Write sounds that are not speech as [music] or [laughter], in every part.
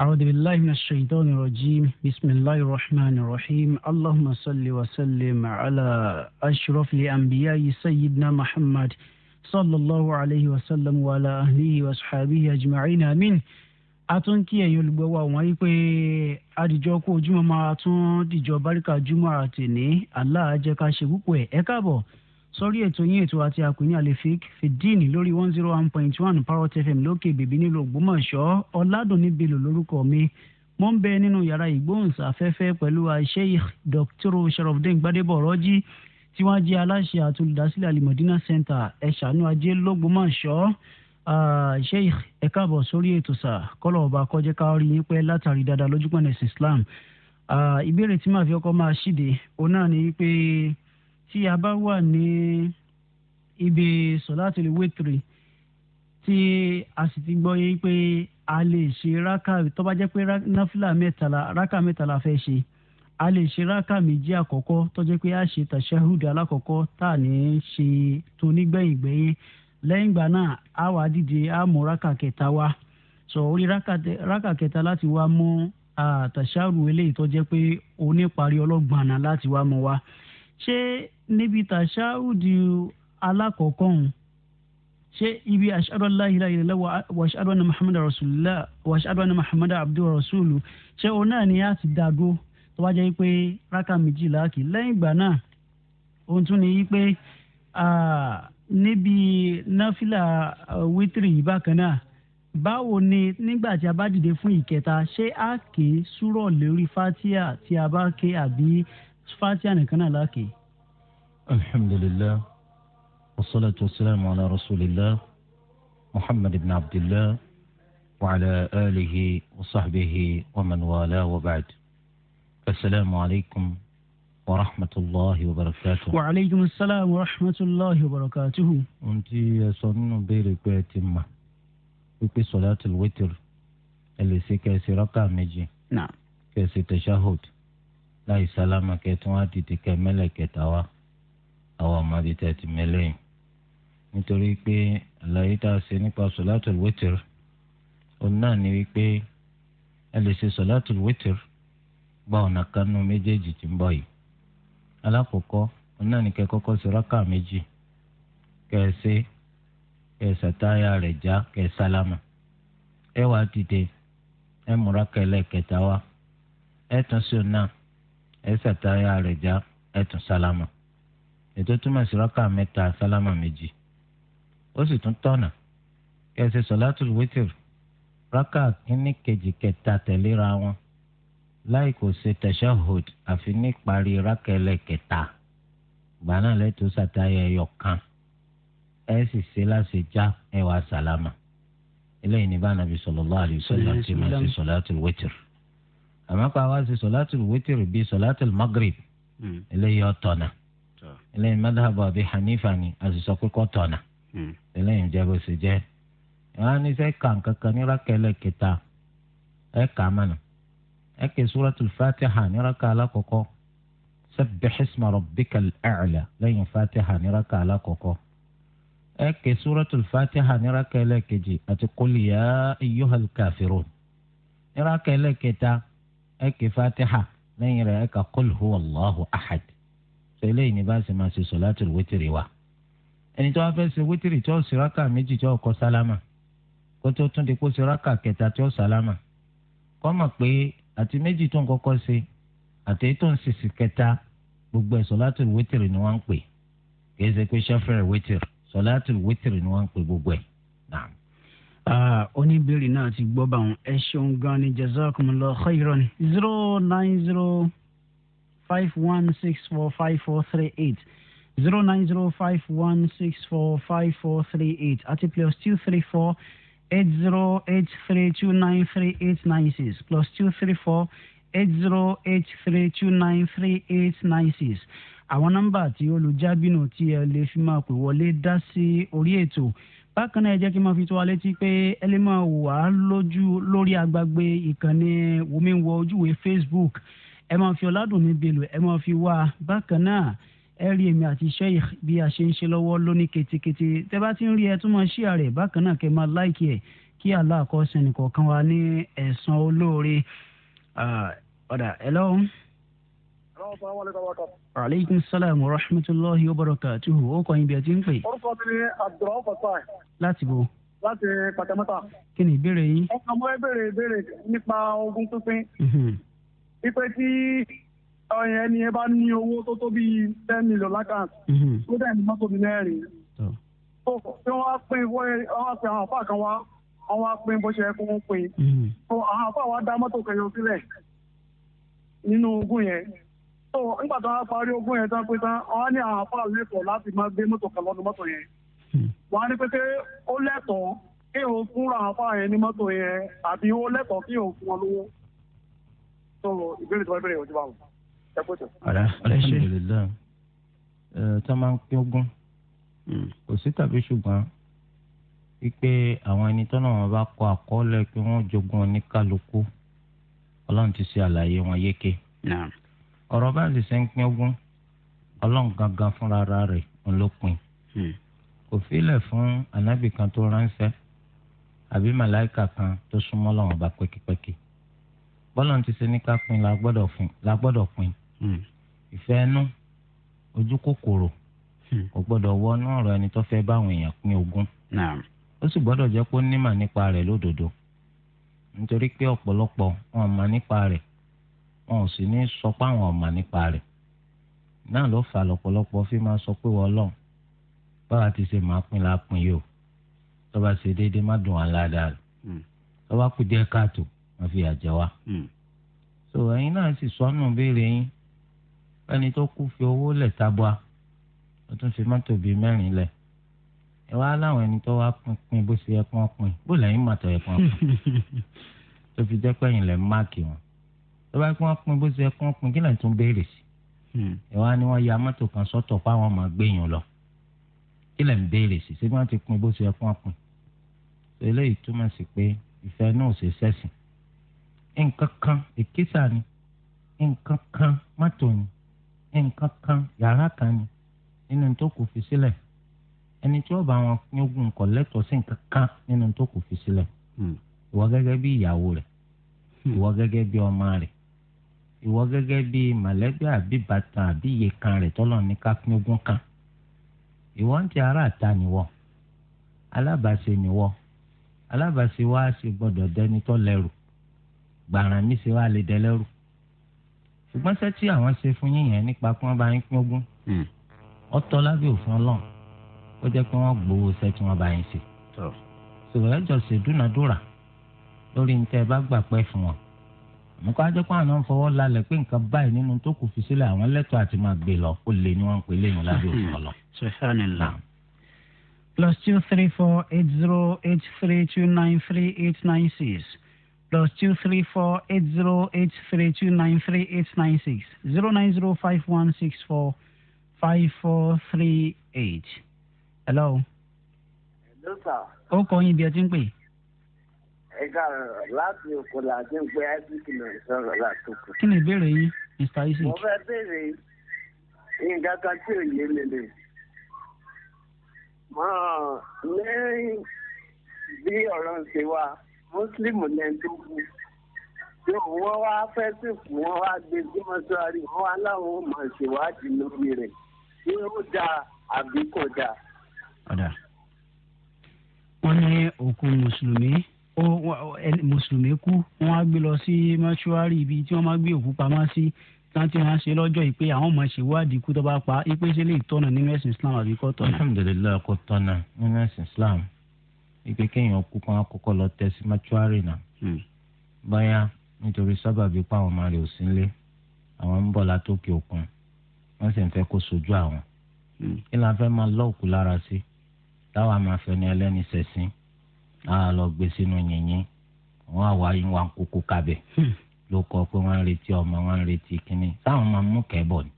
أعوذ بالله من الشيطان الرجيم بسم الله الرحمن الرحيم اللهم صل وسلم على أشرف الأنبياء سيدنا محمد صلى الله عليه وسلم وعلى أهله وأصحابه أجمعين آمين atún kí ẹ̀yin olùgbọ́wọ́ àwọn yìí pé àdìjọ kó ojúmọ́ máa tún dìjọ báríkà júmọ́ àtẹ̀ní aláàjẹká sórí ètò yín ètò àti àpèní àlefik fìdíìnì lórí one zero one point one parrot fm lókè bèbí nílùú Ògbómọ̀ṣọ́ ọládùnní belò lórúkọ mi mo ń bẹ nínú yàrá ìgbóhùnsáfẹ́fẹ́ pẹ̀lú Sheikh Dr. Sharafdin Gbadebo Ọ̀rọ́jì tí wọ́n jẹ́ aláṣẹ àtolùdásílẹ̀ alimọ̀dínà center ẹ̀ṣánú ajé lọ́gbọ́mọ̀ṣọ́ Sheikh ẹ káàbọ̀ sórí ètò sà kọ́lọ̀ ọba kọjá káórí yín pẹ́ látàrí dáadáa lójúpọ̀nà Islam ìbéèrè tí màá fi ọkọ̀ máa ṣíde òun náà ni wípé tí a bá wà ní ibi sọ̀látìlì wítìrì tí a sì ti gbọ́ yé pé a lè ṣe rákà tó bá jẹ́ pé náfìlà mẹ́tàlá rákà mẹ́tàlá fẹ́ ṣe a lè ṣe rákà méjì àkọ́kọ́ tó jẹ́ pé a ṣe tàṣáhùdù alákọ̀ọ́kọ́ tá à ní ṣe tó nígbẹ̀yìngbẹ̀yìn lẹ́yìn ìgbà náà a wà dìde a mú rákà kẹta wá sọ orí rákà kẹta láti wá mú tàṣáhùdù eléyìí tó jẹ́ pé oníparí ọlọ́gbọ̀nà láti wá mú wá ṣé níbi tàṣáhùdì alákọ̀ọ́kọ́ ọ̀hún ṣé ibi ashadu an la ilaha illallah wa ashadu anna muhammadar rasulullah wa ashadu anna muhammadar abdu rasulu ṣé òun náà ni a ti dàgó tó bá jẹ́ pé rákà méjìlá kì lẹ́yìn ìgbà náà òun tún ni pé níbi náfìlà wítìrì yìí bákan náà báwo ni nígbà tí a bá dìde fún ìkẹta ṣé a kè é súrọ̀ lórí fatia tí a bá ké àbí fatia nìkan náà la الحمد لله والصلاة والسلام على رسول الله محمد بن عبد الله وعلى آله وصحبه ومن والاه وبعد السلام عليكم ورحمة الله وبركاته وعليكم السلام ورحمة الله وبركاته أنت سنن بيرك ويتم في صلاة الوتر اللي سكاسي رقم مجي نعم كاسي تشهد لا يسلامك يتواتي تكملك كتواتي àwọn ọmọ bíi tẹ̀ ti mẹ́lẹ́yìn nítorí pé àlàyé tá a ṣe nípa sọ̀látù wẹ́tìr òun náà ni wípé ẹ lè ṣe sọ̀látù wẹ́tìr gba ọ̀nà kanú méjèèjì tí ń bọ̀ yìí alákọ̀ọ́kọ́ òun náà ni kẹ́ kọ́kọ́ ṣe rákà méjì kẹ́ ẹ ṣe rẹ̀ já kẹ́ ẹ ẹ wàá dìde ẹ múra kẹlẹ kẹta wa ẹ tún sí òun náà ẹ ṣàtáyà rẹ̀ já ẹ tún sálámà ètò túmọ̀ sí rákà mẹ́ta sálámà méjì ó sì tún tọ̀nà kí ẹ ṣe sọ̀látùl wítìrì rákà kínní kejì kẹta tẹ̀léra wọn láì kò ṣe tashahhud àfi ní parí rákà ẹlẹ́kẹta gbà náà lẹ́tọ́ sàtáyà ẹyọ kan ẹ sì ṣe láṣẹ já ẹ sálámà eléyìí ní bá nàbí sallallahu alaihi wasallam tí máa ṣe sọ̀látùl wítìrì àmọ́ pa wá ṣe sọ̀látùl wítìrì bíi sọ̀látùl magrib hmm. eléyìí ọ̀tọ̀ eléyìí madhab àbí hanifa ni àṣìṣọ kókó tọ̀nà eléyìí jẹ́ bó ṣe jẹ́ wọn ní sẹ́ ka nǹkan ní rákẹ́lẹ̀ kẹta ẹ̀ kà á mọ̀nà ẹ̀ kẹ́ suratul fatiha ní rákà alákọ̀ọ́kọ́ sabbih isma rabbikal a'la lẹ́yìn fatiha ní rákà alákọ̀ọ́kọ́ ẹ̀ kẹ́ suratul fatiha ní rákẹ́lẹ̀ kejì àti kọ́lìyà ya káfíró ní rákẹ́lẹ̀ kẹta ẹ̀ kẹ́ fatiha lẹ́yìn rẹ̀ ẹ̀ kà kọ́lìhù huwallahu ahad. tẹ́lẹ̀ yìí ni bá ṣe máa ṣe sọ̀látùl wítìrì wa ẹni tó wá fẹ́ ṣe wítìrì tí ó ṣe rákà méjì tí ó kọ́ sálámà kó tó tún di kó ṣe rákà kẹta tí ó sálámà kó mọ̀ pé àti méjì tó ń kọ́kọ́ ṣe àti tó ń ṣèṣì kẹta gbogbo ẹ̀ sọ̀látùl wítìrì ni wọ́n ń pè kìí ṣe pé ṣẹ́fẹ̀rẹ̀ wítìrì sọ̀látùl wítìrì ni wọ́n ń pè gbogbo ẹ̀ oníbèrè náà ti gbọ́ bá wọn ẹ ṣeun gan ni jazakumullahu khairan zero nine zero five one six four five four three eight zero nine zero five one six four five four three eight àti plus two three four eight zero eight three two nine three eight nine six plus two three four eight zero eight three two nine three eight nine six àwọn nọ́mbà tí olùjábìnú tí ẹ lè fi máa pè wọlé dá sí orí ètò bákan náà ẹ jẹ́ kí n máa fi tó wa létí pé ẹ lè máa wà á lójú lórí agbágbé ìkànnì wòmíwọ ojúwe Facebook ẹ máa fi ọ̀làdùn mi bèlò ẹ máa fi wá bákan náà ẹ rí èmi àti sheikh bí a ṣe ń ṣe lọ́wọ́ lóní ketekete tẹ́ bá ti ń rí ẹ tún máa share rẹ̀ bákan náà kẹ́ máa like ẹ̀ kí Allah kó san ẹnìkọ̀ọ̀kan wa ní ẹ̀san olóore ọ̀dà hello. aleykum salaam wa rahmatulahi wa barakatuhu ó kọ́ ibi ẹ ti ń pè. orúkọ mi ni abdulrahman fatai. láti bo. láti pàtàmọ́tà. kí ni ìbéèrè yín. ọkàn mọ́ ẹ béèrè ìbéèrè nípa ogún pínpín. Mhm wípé tí ọyàn ẹni yẹn bá ní owó tó tó bíi ten million lákàtà mhm. tó dẹ̀ ní mọ́tò bíi mẹ́rin tí wọ́n á pín wọ́n á pín àwọn àfáà kan wá wọ́n á pín bó ṣe yẹ kó wọ́n pín mhm. àwọn àfáà wa dá mọ́tò kẹyọ sílẹ̀ nínú ogún yẹn tó nígbà tó wọ́n á parí ogún yẹn tán pé tán wọ́n á ní àwọn àfáà lẹ́tọ̀ọ́ láti máa gbé mọ́tò kan lọ́nu mọ́tò yẹn hmm. wọ́n á ní pété ó lẹ́tọ̀ọ́ kí òun fúnra àfáà yẹn ní mọ́tò yẹn àbí ó lẹ́tọ̀ọ́ kí òun fún ọ lówó tó ìbéèrè tó wá bẹ̀rẹ̀ ìwọ̀n tó bá wọn ẹ kó tó. ọ̀rẹ́ ọ̀rẹ́ ṣe tí wọ́n máa ń pín ogún hmm. kò sí tàbí ṣùgbọ́n wípé àwọn ẹni tọ́nà wọn bá kọ àkọọ́lẹ̀ pé wọ́n jogún oníkálukú ọlọ́run ti ṣe àlàyé wọn yékè. ọ̀rọ̀ bá lè ṣe ń pín ogún ọlọ́run gangan fúnra rẹ̀ ń ló pin. Hmm. kò fílẹ̀ fún anábì kan tó ránṣẹ́ àbí màláìkà kan tó súnmọ́ lọ́wọ́n bá pẹ́kípẹ́kí. Hmm bọ́lá ti ṣe ní ká pin la gbọ́dọ̀ fún la gbọ́dọ̀ pin hmm. ìfẹ́ ẹnu ojú kòkòrò hmm. kò gbọ́dọ̀ wọnú ọ̀rọ̀ ẹni tó fẹ́ báwọn èèyàn pín ogún ó sì gbọ́dọ̀ jẹ́ pé ó nímà nípa rẹ̀ lódodo nítorí pé ọ̀pọ̀lọpọ̀ wọn mà nípa rẹ̀ wọn ò sì ní sọ pé àwọn mà nípa rẹ̀ náà ló fà lọ́pọ̀lọpọ̀ fi máa sọ pé wọ́n lọ́n báwa ti ṣe máa pín la pín yìí o tó ṣe déédéé má dùn án ládàá rẹ̀ hmm. tó díẹ̀ káàtó wọ́n fi àjẹ wa. Hmm. so ẹ̀yin náà sì sọnù béèrè yín ẹni tó kú fi owó lẹ̀ tabua ó tún fi mọ́tò bíi mẹ́rin lẹ̀ ẹ wá láwọn ẹni tó wá pin bó ṣe yẹ kí wọ́n pin bó lẹ́yìn màtọ̀ yẹ kí wọ́n pin [laughs] tó fi jẹ́ pẹ́yìn lẹ́ máàkì wọn tó bá yẹ kí wọ́n pin bó ṣe yẹ pin kí lẹ́yìn tún béèrè sí hmm. ẹ wá ní wọ́n ya mọ́tò kan sọ́tọ̀ fáwọn ọmọ gbẹ̀yìn lọ kí lẹ́yìn béèrè sí ṣé wọ́n ti pin bó ṣe yẹ pin eléyìí túmọ̀ sí pé ìfẹ́ náà ò ṣe sẹ́sìn nkankan kan èkésà ni nkankan kan mọ́tò ni kan yàrá kan ni nínú tó kù fi sílẹ̀ ẹni tí ó bá wọn yógun kò lẹ́tọ̀ọ́ sí nǹkan nínú tó kù fi sílẹ̀ hmm. ìwọ gẹ́gẹ́ bí ìyàwó rẹ̀ hmm. ìwọ gẹ́gẹ́ bí ọmọ rẹ̀ ìwọ gẹ́gẹ́ bí kan rẹ̀ tọ́lọ̀ ní ká yógun kan ìwọ ń ti ara àta nìwọ alábàáṣe alábàáṣe wa ṣe gbọ́dọ̀ dẹni lẹ́rù gbàràn mi ṣe wá lè dẹlẹ́rù ṣùgbọ́n ṣé tí àwọn ṣe fún yín yẹn nípa pé wọ́n bá yín pín ogún ọ̀tọ̀ hmm. lábẹ́ òfin Ọlọ́run ó jẹ́ pé wọ́n gbowó ṣẹ́ tí wọ́n bá yín ṣe ṣùgbọ́n ẹ̀jọ̀ ṣe dúnadúrà lórí ní tẹ́ ẹ bá gbà pẹ́ fún wọn àmọ́ kó ajẹ́ pé àwọn náà ń fọwọ́ lálẹ́ pé nǹkan báyìí nínú tó kù fi sílẹ̀ àwọn lẹ́tọ̀ àti máa gbé lọ ó lè ní wọn pè léyìn lábẹ́ òfin Ọlọ́run [laughs] plus two three four eight zero eight three two nine three eight nine six plus two three four eight zero eight three two nine three eight nine six zero nine zero five one six four five four three eight. hello. hello sir. ó kọ yín bí ẹ ti ń pè. ẹ káàárọ̀ láti oko la ti ń pe isaac náà sọ̀rọ̀ látòkò. kí ni ìbéèrè yín mr isaac. mo fẹ́ béèrè nǹkan kan tí ò yé mi lè. mo ní bí ọ̀rọ̀ ń ṣe wá mùsùlùmù ní ẹni tó kú yóò wọ́n wá fẹ́ sìnkú wọ́n wá gbé gbọ́mọsọ́rí wọ́n wá láwọn ò mọ̀ ṣèwádìí lórí rẹ̀ ṣé ó dáa àbí kò dáa. ọ̀dà wọ́n ní òkú mùsùlùmí mùsùlùmí kú wọ́n á gbé lọ sí mọ́ṣúárì ibi tí wọ́n máa gbé òkú pamọ́ sí tán tí wọ́n ṣe lọ́jọ́ ìpè àwọn ọmọ ṣèwádìí kú tó bá pa ìpèsè lè tọ̀nà nínú ẹ̀sìn Islam àbí kò alhamdulilayi kò tọ̀nà nínú ẹ̀sìn Islam ike kéèyàn kú kán àkọ́kọ́ lọ tẹ sí mọ́túárì náà hmm. báyà nítorí sábàbí pa àwọn ọmọ rẹ̀ ò sí nílé àwọn ń bọ̀ látòkè òkun wọ́n sì ń fẹ́ kó sojú àwọn hmm. kí la fẹ́ máa lọ́ òkú lára sí táwa máa fẹ́ ni ẹlẹ́ni sẹ̀sìn á lọ gbé sínú yìnyín wọ́n á wá yín wá ń kókó kabẹ̀ hmm. ló kọ pé wọ́n ń retí ọmọ wọ́n ń retí kínní táwọn máa mú kẹ́bọ̀ ni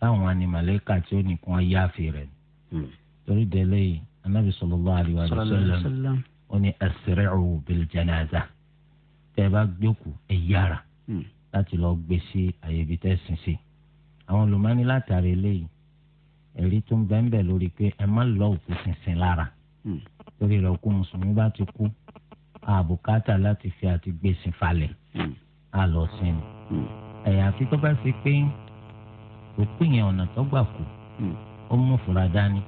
táwọn animalẹ́kà tí ó nìkan yáàfin rẹ̀ ni torí délé anabi sallallahu alaihi wa sallam ó ní asri'u bil janaza tẹ́ ẹ bá gbẹ́kù ẹ yára hmm. láti lọ gbé sí àyè ibi tẹ́ sìn sí àwọn olùmọ́ni látàrí eléyìí ẹ̀rí tó ń bẹ́ńbẹ́ lórí pé ẹ má lọ òkú sínsìn lára hmm. torí rẹ̀ òkú mùsùlùmí bá ti kú àbùkátà láti fi àti gbé falẹ̀ á hmm. lọ sin ẹ̀yà àfi bá ṣe pé òkú yẹn ọ̀nà tó gbà kú ó mú fura dání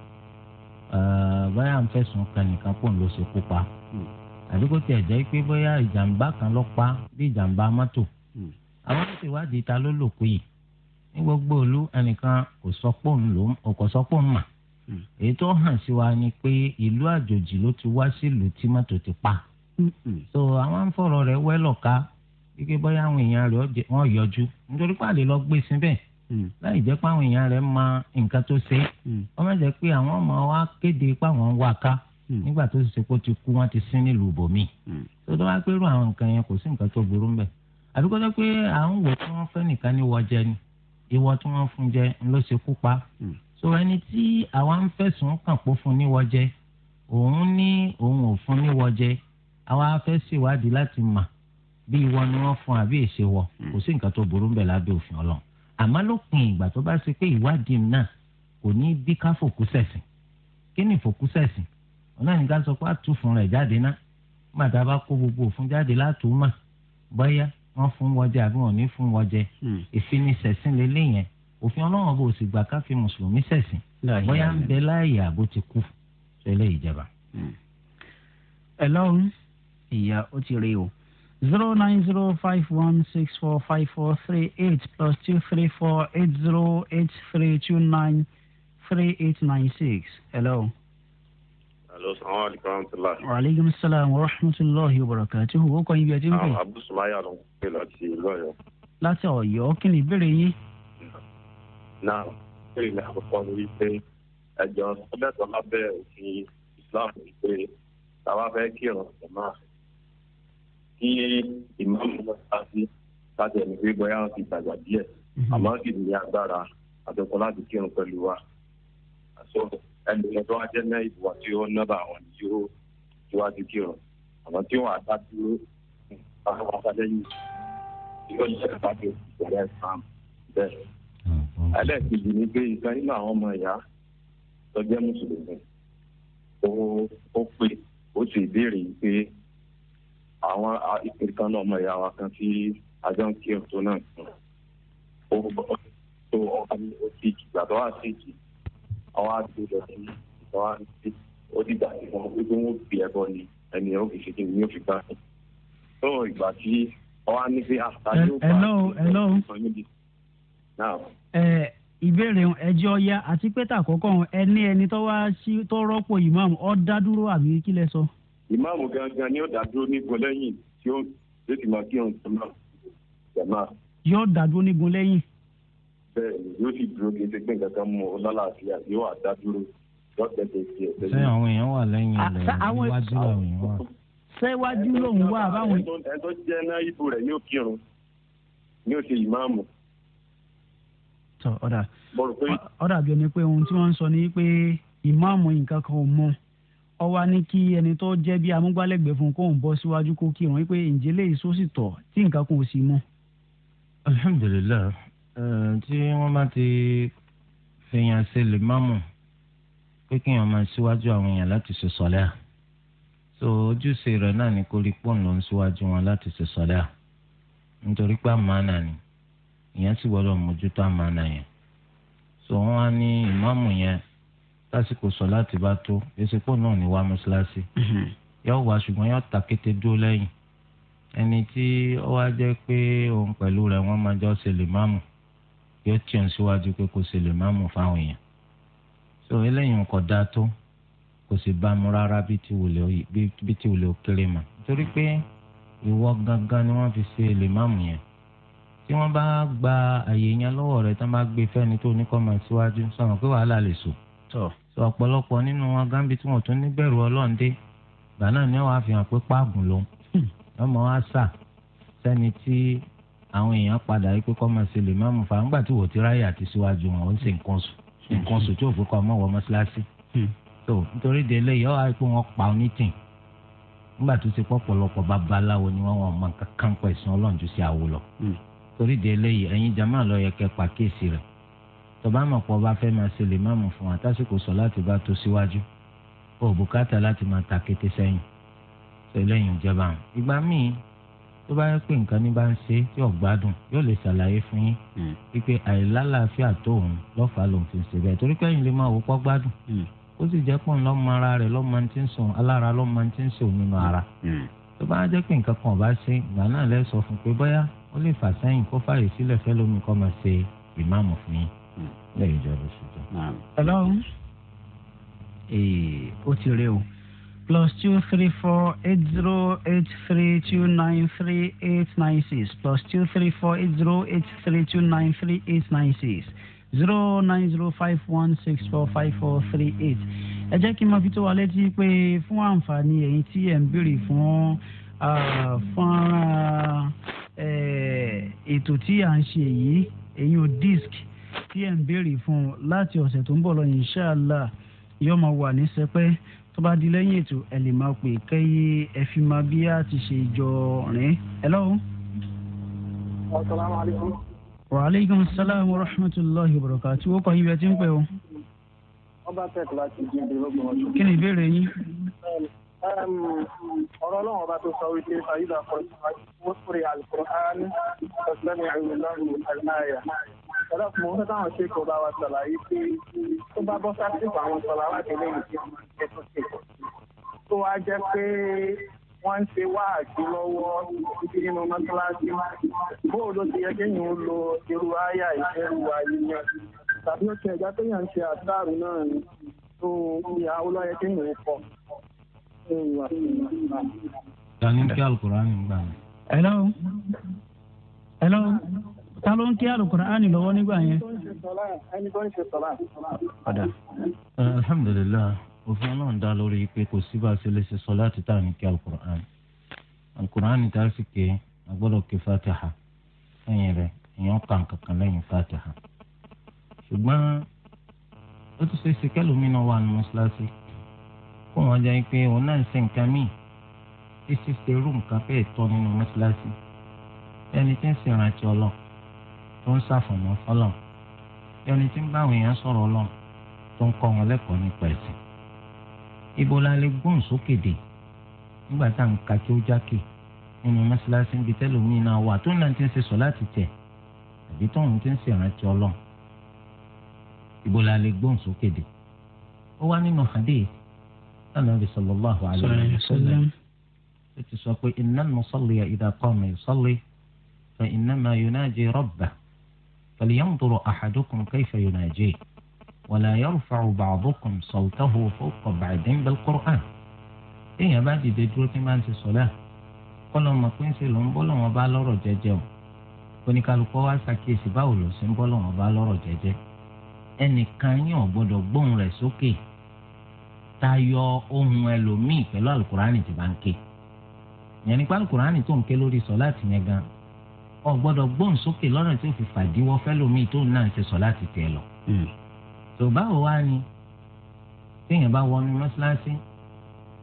báyà ń fẹ̀sùn kan nìkan pò ń lọ sí kópa àdúgbò tí ẹ jẹ́ pé bóyá ìjàmbá kan ló pa bí ìjàmbá mọ́tò hmm. àwọn tó ti wádìí ta ló lò pé yìí ní gbogbo òlu ẹnìkan kò sọ pé òun lò ó kò sọ pé òun mà hmm. èyí tó hàn sí wa ni pé ìlú àjòjì ló ti wá sílùú tí mọ́tò ti pa hmm, so àwọn ń fọ̀rọ̀ rẹ̀ wẹ́lọ̀ ká wípé bóyá àwọn èèyàn rẹ̀ wọ́n yọjú nítorí pàdé lọ gbé sí Mm. láì jẹ́ pé àwọn èèyàn rẹ̀ mọ nǹkan tó ṣe wọ́n mm. mẹ́jẹ̀ pé àwọn ọmọ wa kéde pé àwọn ń wá ká mm. nígbà tó ṣe pé ó ti kú wọ́n ti sin nílùú bòmíì tó tó pé irú àwọn nǹkan yẹn kò sí nǹkan tó burú mbẹ̀ àbí pé à ń wò tí wọ́n fẹ́ nìkan ní wọ́n jẹ ni ìwọ tí wọ́n fún jẹ ló ṣe kú pa so ẹni tí àwa ń fẹ̀sùn kàn pọ̀ fún ní wọ́n jẹ òun ní òun ò fún ní wọ́n jẹ àwa fẹ́ ṣèwádìí láti mà bí ìwọ ni wọ́n fún àbí èṣèwọ kò sí nǹkan tó burú mbẹ̀ lábẹ́ òfin Ọlọ́run àmọ́ lópin ìgbà tó bá ṣe pé ìwádìí náà kò ní bí ká fòkúsẹ̀sìn kí ni fòkúsẹ̀sìn ọ̀nà nìkan sọ pé àtúfun rẹ̀ jáde ná nígbà tá a bá kó gbogbo òfun jáde látòómà bóyá wọ́n fún wọjẹ àbí wọ́n ní fún wọjẹ hmm. ìfinisẹ̀sìn lélẹ́yìn òfin ọlọ́run bò sì gbà ká fi mùsùlùmí sẹ̀sìn bóyá ń bẹ láàyè àbó ti kú ṣẹlẹ̀ ìjẹba. Hmm. ẹ lọ́run ìyá ó ti rí o. zero nine zero five one six four five four three eight plus two three four eight zero eight three two nine three eight nine six. Hello. Hello, salaam alaikum. Wa alaikum wa rahmatulahi wa barakatuhu. Ó kọ́ ibi ẹtí ń pè. Abu Sumaya ló ń pè láti ìlú Ọ̀yọ́. Láti Ọ̀yọ́, kí ni ìbéèrè yín? Náà, ìbéèrè mi àkọ́kọ́ ni wípé ẹ̀jọ̀ ọ̀dẹ́tọ̀ lábẹ́ òfin Islam wípé tàbá fẹ́ kírun ọ̀sẹ̀ náà. sí ìmáàmù mọ́sáàsì láti ẹni pé bóyá wọn ti dàgbà díẹ̀ mhm. àmọ́ kì í ní agbára àtọkọ láti kírun pẹ̀lú wa àṣọ ẹnìyẹn tó wá jẹ́ náà ìbùwà tí ó nọ́bà àwọn ni yóò síwájú kírun àmọ́ tí wọn àdá dúró àwọn afẹ́lẹ́yìn yóò jẹ́ ìpàdé ìpínlẹ̀ sam bẹ́ẹ̀. Mhm. ẹlẹ́ẹ̀kejì ni pé ìkan nínú àwọn ọmọ ìyá tó jẹ́ mùsùlùmí ó pè ó sì béèrè pé àwọn ìpínlẹ̀ kan náà ọmọ ìyá wa kan tí ajọ ń kí ọ̀tún náà sùn ó tó ọkọ ní òsì ìgbà tó wà sí ìjì àwọn àti ìlọsí ìgbà wà sí ó dìgbà tí wọn wípé wọn fi ẹbọ ni ẹni ó fi ṣe kí ni yóò fi gbà sí. tó ìgbà tí wọn á ní pé àtàlẹ́ ah, ó bá ìsọ̀ níbi náà ìbéèrè ẹjọ́ ya àti pété àkọ́kọ́ ẹ ní ẹni tó wá sí tó rọ́pò ìmáàmù ó dá dúró àbí kí lẹ sọ. So? ìmáàmù gangan ni ó dádúró nígun lẹ́yìn tí ó lè ti máa kírun tó náà jàmá. yóò dádúró nígun lẹ́yìn. bẹ́ẹ̀ni yóò sì dúró kí n ṣe pé nǹkan kan mú ọ lálàáfíà yóò wà dádúró ṣé àwọn èèyàn wà lẹ́yìn rẹ̀ níwájú àwọn èèyàn wà. ṣéwájú lòun wà báwọn. ẹni tó jẹ́ náà ibù rẹ̀ yóò kírun ni ó ìmáàmù. tọ ọ̀dà ọ̀dà bí ẹni pé ohun tí wọ́n ń sọ ni pé ìmáàmù nǹkan kan ò mọ̀ ó wá ní kí ẹni tó jẹ́ bí amúgbálẹ́gbẹ̀ẹ́ fún kóun bọ́ síwájú kó kírun wípé ǹjẹ́ lè so sì tọ̀ tí nǹkan kan ò sí mọ́. alhamdulilayi eh, tí wọ́n bá ti fìyàn ṣe lè má mọ̀ pé kí èèyàn máa síwájú àwọn èèyàn láti ṣe sọ́lẹ́à so ojúṣe rẹ̀ náà ni kó rí pọ́ùn ló ń síwájú wọn láti ṣe sọ́lẹ́à nítorí pé àmàna ni ìyẹn sì gbọ́dọ̀ mójútó àmàna yẹn so wọ́n á ní ìmáàmù yẹn lásìkò sọ láti bá tó èsì pò náà ní wá mọ́ṣáláṣí mhm. yóò wá ṣùgbọ́n yóò ta kété dúró lẹ́yìn ẹni tí ó wá jẹ́ pé òun pẹ̀lú rẹ̀ wọ́n máa jọ ṣe lè máàmù yóò tì ń síwájú pé kò ṣe lè máàmù fáwọn èèyàn so eléyìí nǹkan dá tó kò sì bá mu rárá bí ti wùlé ó kéré mà torí pé ìwọ gangan ni wọ́n fi ṣe lè máàmù yẹn tí wọ́n bá gba àyè yẹn lọ́wọ́ rẹ̀ tán bá gbé fẹ́ni tó ní kọ́ síwájú sọ̀rọ̀ so sọ ọ̀pọ̀lọpọ̀ nínú wọn gánbi tí wọ́n tún níbẹ̀rù ọlọ́ọ̀dẹ ìgbà náà ni wọ́n á fi hàn pé páàgùn ló ń ọmọ wa sà sẹ́ni tí àwọn èèyàn padà yìí pé kọ́ máa lè má mú fa nígbà tí wò ti ráyè àti síwájú wọn ó ń ṣe nǹkan sùn hmm. nǹkan sùn tí òfin kan mọ̀ wọ́n mọ́ṣáláṣí tó hmm. nítorí délé yọ wá pé wọ́n pa onítìn nígbà tó ti pọ̀ pọ̀lọpọ̀ babaláwo ni wọ́n mọ̀ kankan pẹ̀sán ọlọ́run sí àwò hmm. torí délé yìí ẹ̀yin jama lọ yẹ kẹ́ pàkíyèsí rẹ̀ tọba àmọ̀ pọ̀ bá fẹ́ máa ṣe lè má mọ̀ fún wa tásìkò sọ láti bá tó síwájú ó bùkátà láti máa ta kété sẹ́yìn sẹ́lẹ̀yìn ìjọba àwọn. ìgbà míì tó bá yẹ pé nǹkan ní bá ń ṣe tí ò gbádùn yóò lè ṣàlàyé fún yín hmm. wípé àìlálàáfíà tó òun lọ́fàá lòun fi ń ṣe bẹ́ẹ̀ torí kẹ́yìn lè máa wò pọ́ gbádùn hmm. ó sì jẹ́ pọ̀ ńlọ́mọ ara rẹ̀ lọ́mọ tí ń sùn alára lọ́mọ tí ń sùn nínú ara hmm. tó bá jẹ́ pé nǹkan kan ò bá ṣe ìgbà náà lẹ́ sọ fún pé bóyá ó lè fà sẹ́yìn kó fàyè sílẹ̀ fẹ́ lómi kọ́ máa ṣe ìmáàmù fún yín lẹ́yìn ìjọba ìṣèjọ. hello ó ti rẹ o plus two three four eight zero eight three two nine three eight nine six plus two three four eight zero eight three two nine three eight nine six zero nine zero five one six four five four three eight ẹ jẹ́ kí n máa fi tó wa létí pé fún àǹfààní ẹ̀yin tí ẹ̀ ń béèrè fún fọ́nrán ètò tí à ń ṣe yìí èyí disc tí ẹ̀ ń béèrè fún un láti ọ̀sẹ̀ tó ń bọ̀ lọ inṣàlá yóò máa wà ní sẹpẹ́ tó bá di lẹ́yìn ètò ẹ̀ lè máa pè kẹ́yẹ ẹ fi máa bí a ti ṣe jọ rìn. hello. asalaamualeykum. wa aleykum salaam wa rahmatulahi wa barakatuh ó kọ yín bẹ́ẹ̀ tí ń pẹ́ o. ọba tech láti di ìdílé ọgbọ̀n. kí ni ìbéèrè yín ọ̀rọ̀ ọlọ́run ọba tó sọ wípé fàyídà kọ́ wọ́n fúri alukóhánì ọ̀sán ní àyùmọ̀lọ́rùn àyà ẹlọ́pàá wọn táwọn ṣe kó bá wa ṣàlàyé pé tó bá bọ́ sásìkò àwọn sọ̀rọ̀ wá tẹ̀lé yìí tí wọ́n ṣe tó ṣe kó. tó wá jẹ́ pé wọ́n ń ṣe wáàkí lọ́wọ́ títí nínú mọ́tíláṣí bóò ló ti yẹ kéèyàn lo irú àyà ìṣerú ayé tàbí ó ti ẹ̀já kéèyàn ń ṣe àtàrù náà ni tó ìyá olóyè kéèyàn ń kọ. ta ni kí alukóra ni gbà. hello hello ta ló ń kí alukur'ani lọ́wọ́ nígbà yẹn. ẹni tó ń ṣe sọ́lá. padà alhamdulilayi òfin ọlọ́run dá lórí pé kò sí bá a ṣe lè ṣe sọ láti tà ní kí alukur'ani alukur'ani tá a sì ké agbọ́dọ̀ ké fatiha lẹ́yìn rẹ̀ èèyàn kà kankan lẹ́yìn fatiha ṣùgbọ́n ó ti ṣe ṣe kẹlòmínà wà ní mọ́ṣáláṣí kó wọn jẹ́ pé òun náà ń ṣe nǹkan míì tí ṣíṣe irú nǹkan bẹ́ẹ̀ tọ́ nínú mọ́ṣáláṣí ẹni tí ń ṣèrántí ọlọ́run tó ń ṣàfọ̀mọ́ fọlọ́n ẹni tí ń bá àwọn èèyàn sọ̀rọ̀ ọlọ́n tó ń kọ́ wọn lẹ́kọ̀ọ́ nípa ẹ̀sìn ibo la lè gbóhùn sókè dé nígbà tá à ń ka kí ó jákè nínú mọ́ṣáláṣí níbi tẹ́lómi náà wà tó náà ti ń ṣe sọ láti tẹ̀ àbí tóun ti ń ṣèrántí ọlọ́n ibo la lè gbóhùn sókè dé ó wá nínú hadith Ànábì sallallahu alayhi wa sallam ó ti sọ pé innal musalli idha فلينظر أحدكم كيف يناجيه ولا يرفع بعضكم صوته فوق بعض بالقرآن إيه بعد دجوت ما أنت صلاة kọlọ mọ pé ń ṣe ló ń bọ́ lọ́wọ́ bá lọ́rọ̀ jẹ́jẹ́ o oníkálukọ́ wa ṣàkíyèsí báwo ló ṣe ń bọ́ lọ́wọ́ bá lọ́rọ̀ jẹ́jẹ́ ẹnìkan yín ò gbọ́dọ̀ gbóhùn rẹ̀ sókè tayọ ohun ẹlòmíì pẹ̀lú alukurani tí bá ń ké yẹn nípa alukurani tó ń ké lórí sọ láti yẹn gan ọ gbọ́dọ̀ gbóhùn sókè lọ́nà tó fi fàdíwọ́ fẹ́lòmíì tó náà ṣe sọ láti tẹ̀ lọ. tó hmm. báwo wá ni téèyàn bá wọnú mọ́ṣáláṣí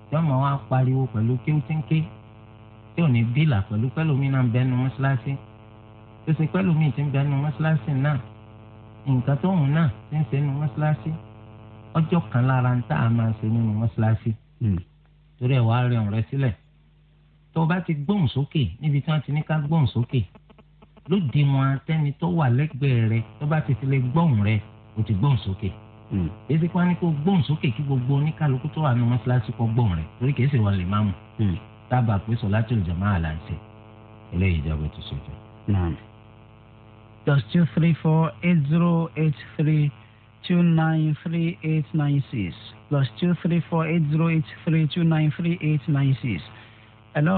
tí ọmọ wa pariwo pẹ̀lú kéwtéńké tí ò ní bílà pẹ̀lú pẹ́lòmíì náà ń bẹ́nu mọ́ṣáláṣí tó ṣe pẹ́lòmíì ti ń bẹ́nu mọ́ṣáláṣí náà nǹkan tó hùn náà ti ń ṣe nu mọ́ṣáláṣí ọjọ́ kan lára ń tá a máa ṣe nínú mọ́ṣáláṣí hmm. torí ẹ̀ wá rẹ̀ ọ̀rẹ́ sílẹ̀ tó o bá ti gbóhùn sókè níbi tí wọ́n ti ní ká gbóhùn sókè lóde wọn sẹ́ni tó wà lẹ́gbẹ̀ẹ́ rẹ tó bá ti tilẹ̀ gbọ́hùn rẹ o ti gbọ́hùn sókè hmm. èsì kan ní kó gbọ́hùn sókè kí gbogbo oníkálukú tó wà ní mọ́ṣáláṣí kó gbọ́hùn rẹ torí kìí ṣe wọn lè máa mú hmm. tábà pé sọlátul jamaa là ń ṣe eléyìí ìjọba ti ṣojú. plus two three four eight zero eight three two nine three eight nine six plus two three four eight zero eight three two nine three eight nine six. hello.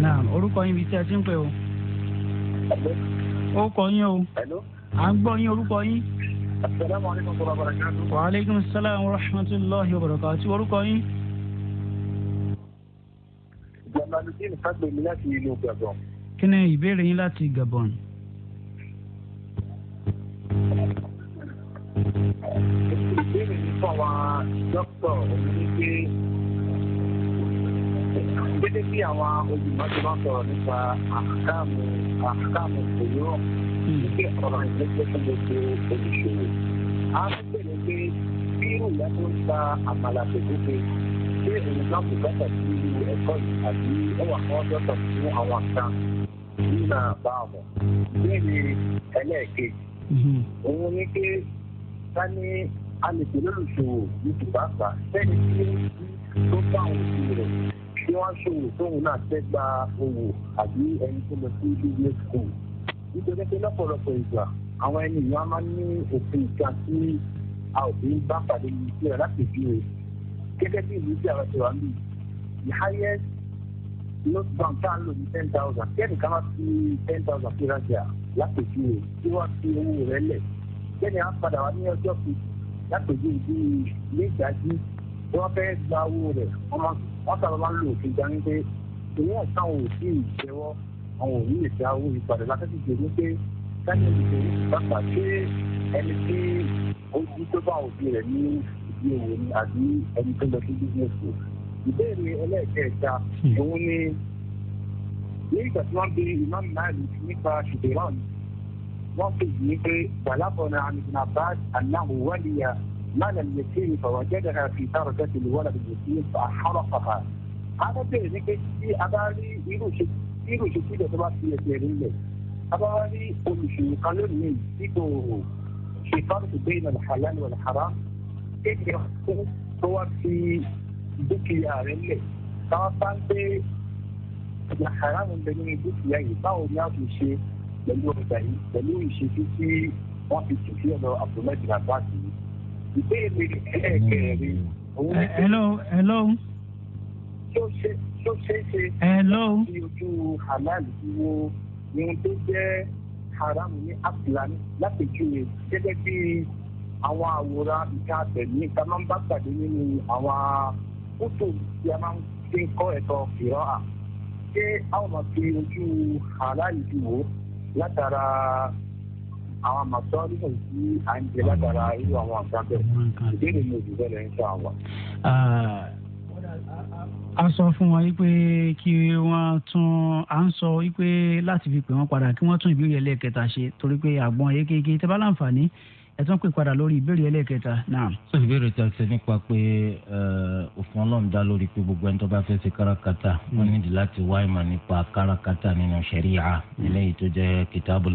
náà orúkọ yín ibi tí ẹ ti ń pè o. ó kọ yín o. à ń gbọ́ yín orúkọ yín. asalaamualeykum wa rahmatulahi. wa aleykum salaam wa rahmatulahi wa barakatuh orúkọ yín. jamaludin fagbemi láti ìlú Gabon. kí ni ìbéèrè yín láti Gabon. ìbéèrè mi fún dókítà òun ní pé gẹ́gẹ́ bí àwọn olùmọ̀tò máa ń sọ̀rọ̀ nípa àkàmù àkàmù òyìnbó wípé ọ̀rọ̀ ìgbésẹ̀ fún gbogbo olùṣòwò. a ń bèèrè pé bí ìyá tó ń ta àmàlà tòkópe ṣé èyí náà kò gbàgbà sí irú ẹ̀kọ́ yìí àbí ó wà fún ọjọ́ kan fún àwọn àkàn nígbà bá ọ̀mọ̀. bẹ́ẹ̀ ni ẹlẹ́ẹ̀kejì òun ní pé ká ní alèpé lólùṣòwò ní tùbàbà sẹ́ni tí ó bá òun sí rẹ̀ tí wọ́n ṣòwò tóun náà fẹ́ gba owó àbí ẹni tó lọ sí business school. nítorí pé lọ́pọ̀lọpọ̀ ìgbà àwọn ẹni ìlú á máa ní òfin ìka tí a ò fi ń bá pàdé ní ìṣẹ́ láti fi rè. gẹ́gẹ́ bí ìlú tí àwọn ṣèwà ń lò the highest note bank tá a lò ní ten thousand kẹ́ni ká má fi ten thousand fi rájà láti fi rè tí wọ́n fi owó rẹ̀ lẹ̀ kẹ́ni á padà wá ní ọjọ́ kejì láti fi bí ilé ìdájí tí wọ́n fẹ́ gba owó rẹ̀ wọ́n máa wọ́n sábà máa ń lo òfin dání pé ìwé ẹ̀sán ò sí ìjẹ́wọ́ àwọn òní lè dá owó ìpadà látàkì jẹ́ wípé sẹ́yìn ìṣòro ìpàtà ṣé ẹni tí ó jí tó bá òbí rẹ̀ ní ìdí òwò ni àbí ẹni tó lọ sí business school. ìbéèrè ẹlẹ́ẹ̀kẹta hmm. òun ni ní ìgbà tí wọ́n bí imam náírà nípa ṣùgbọ́n wọ́n fi yìí pé wàlábọ̀nà àmì مال اليتيم فوجدها في تركة الولد اليتيم فحرقها هذا بيني في أبالي يروشي يروشي كده تبقى في يتيمين أبالي أمشي قانون من سيدو في فرق بين الحلال والحرام إيه هو في dúkìá rẹ lẹ táwọn الحرام ń gbé ọjà haram ń شيء nínú dúkìá yìí báwo في a fi ṣe pẹ̀lú ọjà yìí pẹ̀lú ìṣesí ìbéèrè ẹlẹ́ẹ̀kẹrin. hello hello. tó ṣe tó ṣe ṣe. hello. láti ojú halal wo ni ohun tó jẹ́ haram ní afilani láti júwe gẹ́gẹ́ bí àwọn àwòrán ìka àtẹ̀mí ìta máa ń bá pàdé nínú àwọn fótò tí a máa ń fi kọ́ ẹ̀kọ́ fìrọ́ à. ṣé àwọn máa fi ojú halal jù wò látara àwọn màsọ́ọ́lù tí à ń jẹ látara irú àwọn àgbà bẹ́ẹ̀ ìbéèrè mi ò jù bẹ́ẹ̀ lẹ́yìn fún àwọn a sọ fún wọn wípé kí wọn tún à ń sọ wípé láti fi pè wọn padà kí wọn tún ìbéèrè ẹlẹ́ẹ̀kẹta ṣe torí pé àgbọn yékéyéké tẹ bá láǹfààní ẹ tún pè padà lórí ìbéèrè ẹlẹ́ẹ̀kẹta náà. sọ ìbéèrè tí a ṣe nípa pé òfin ọlọ́run dá lórí pé gbogbo ẹni tó bá fẹ́ ṣe kárakáta wọ́n hmm. nídìí láti wá ìmọ̀ nípa kárakáta nínú ṣẹ̀ríà hmm. eléyìí tó jẹ́ kìtàbùl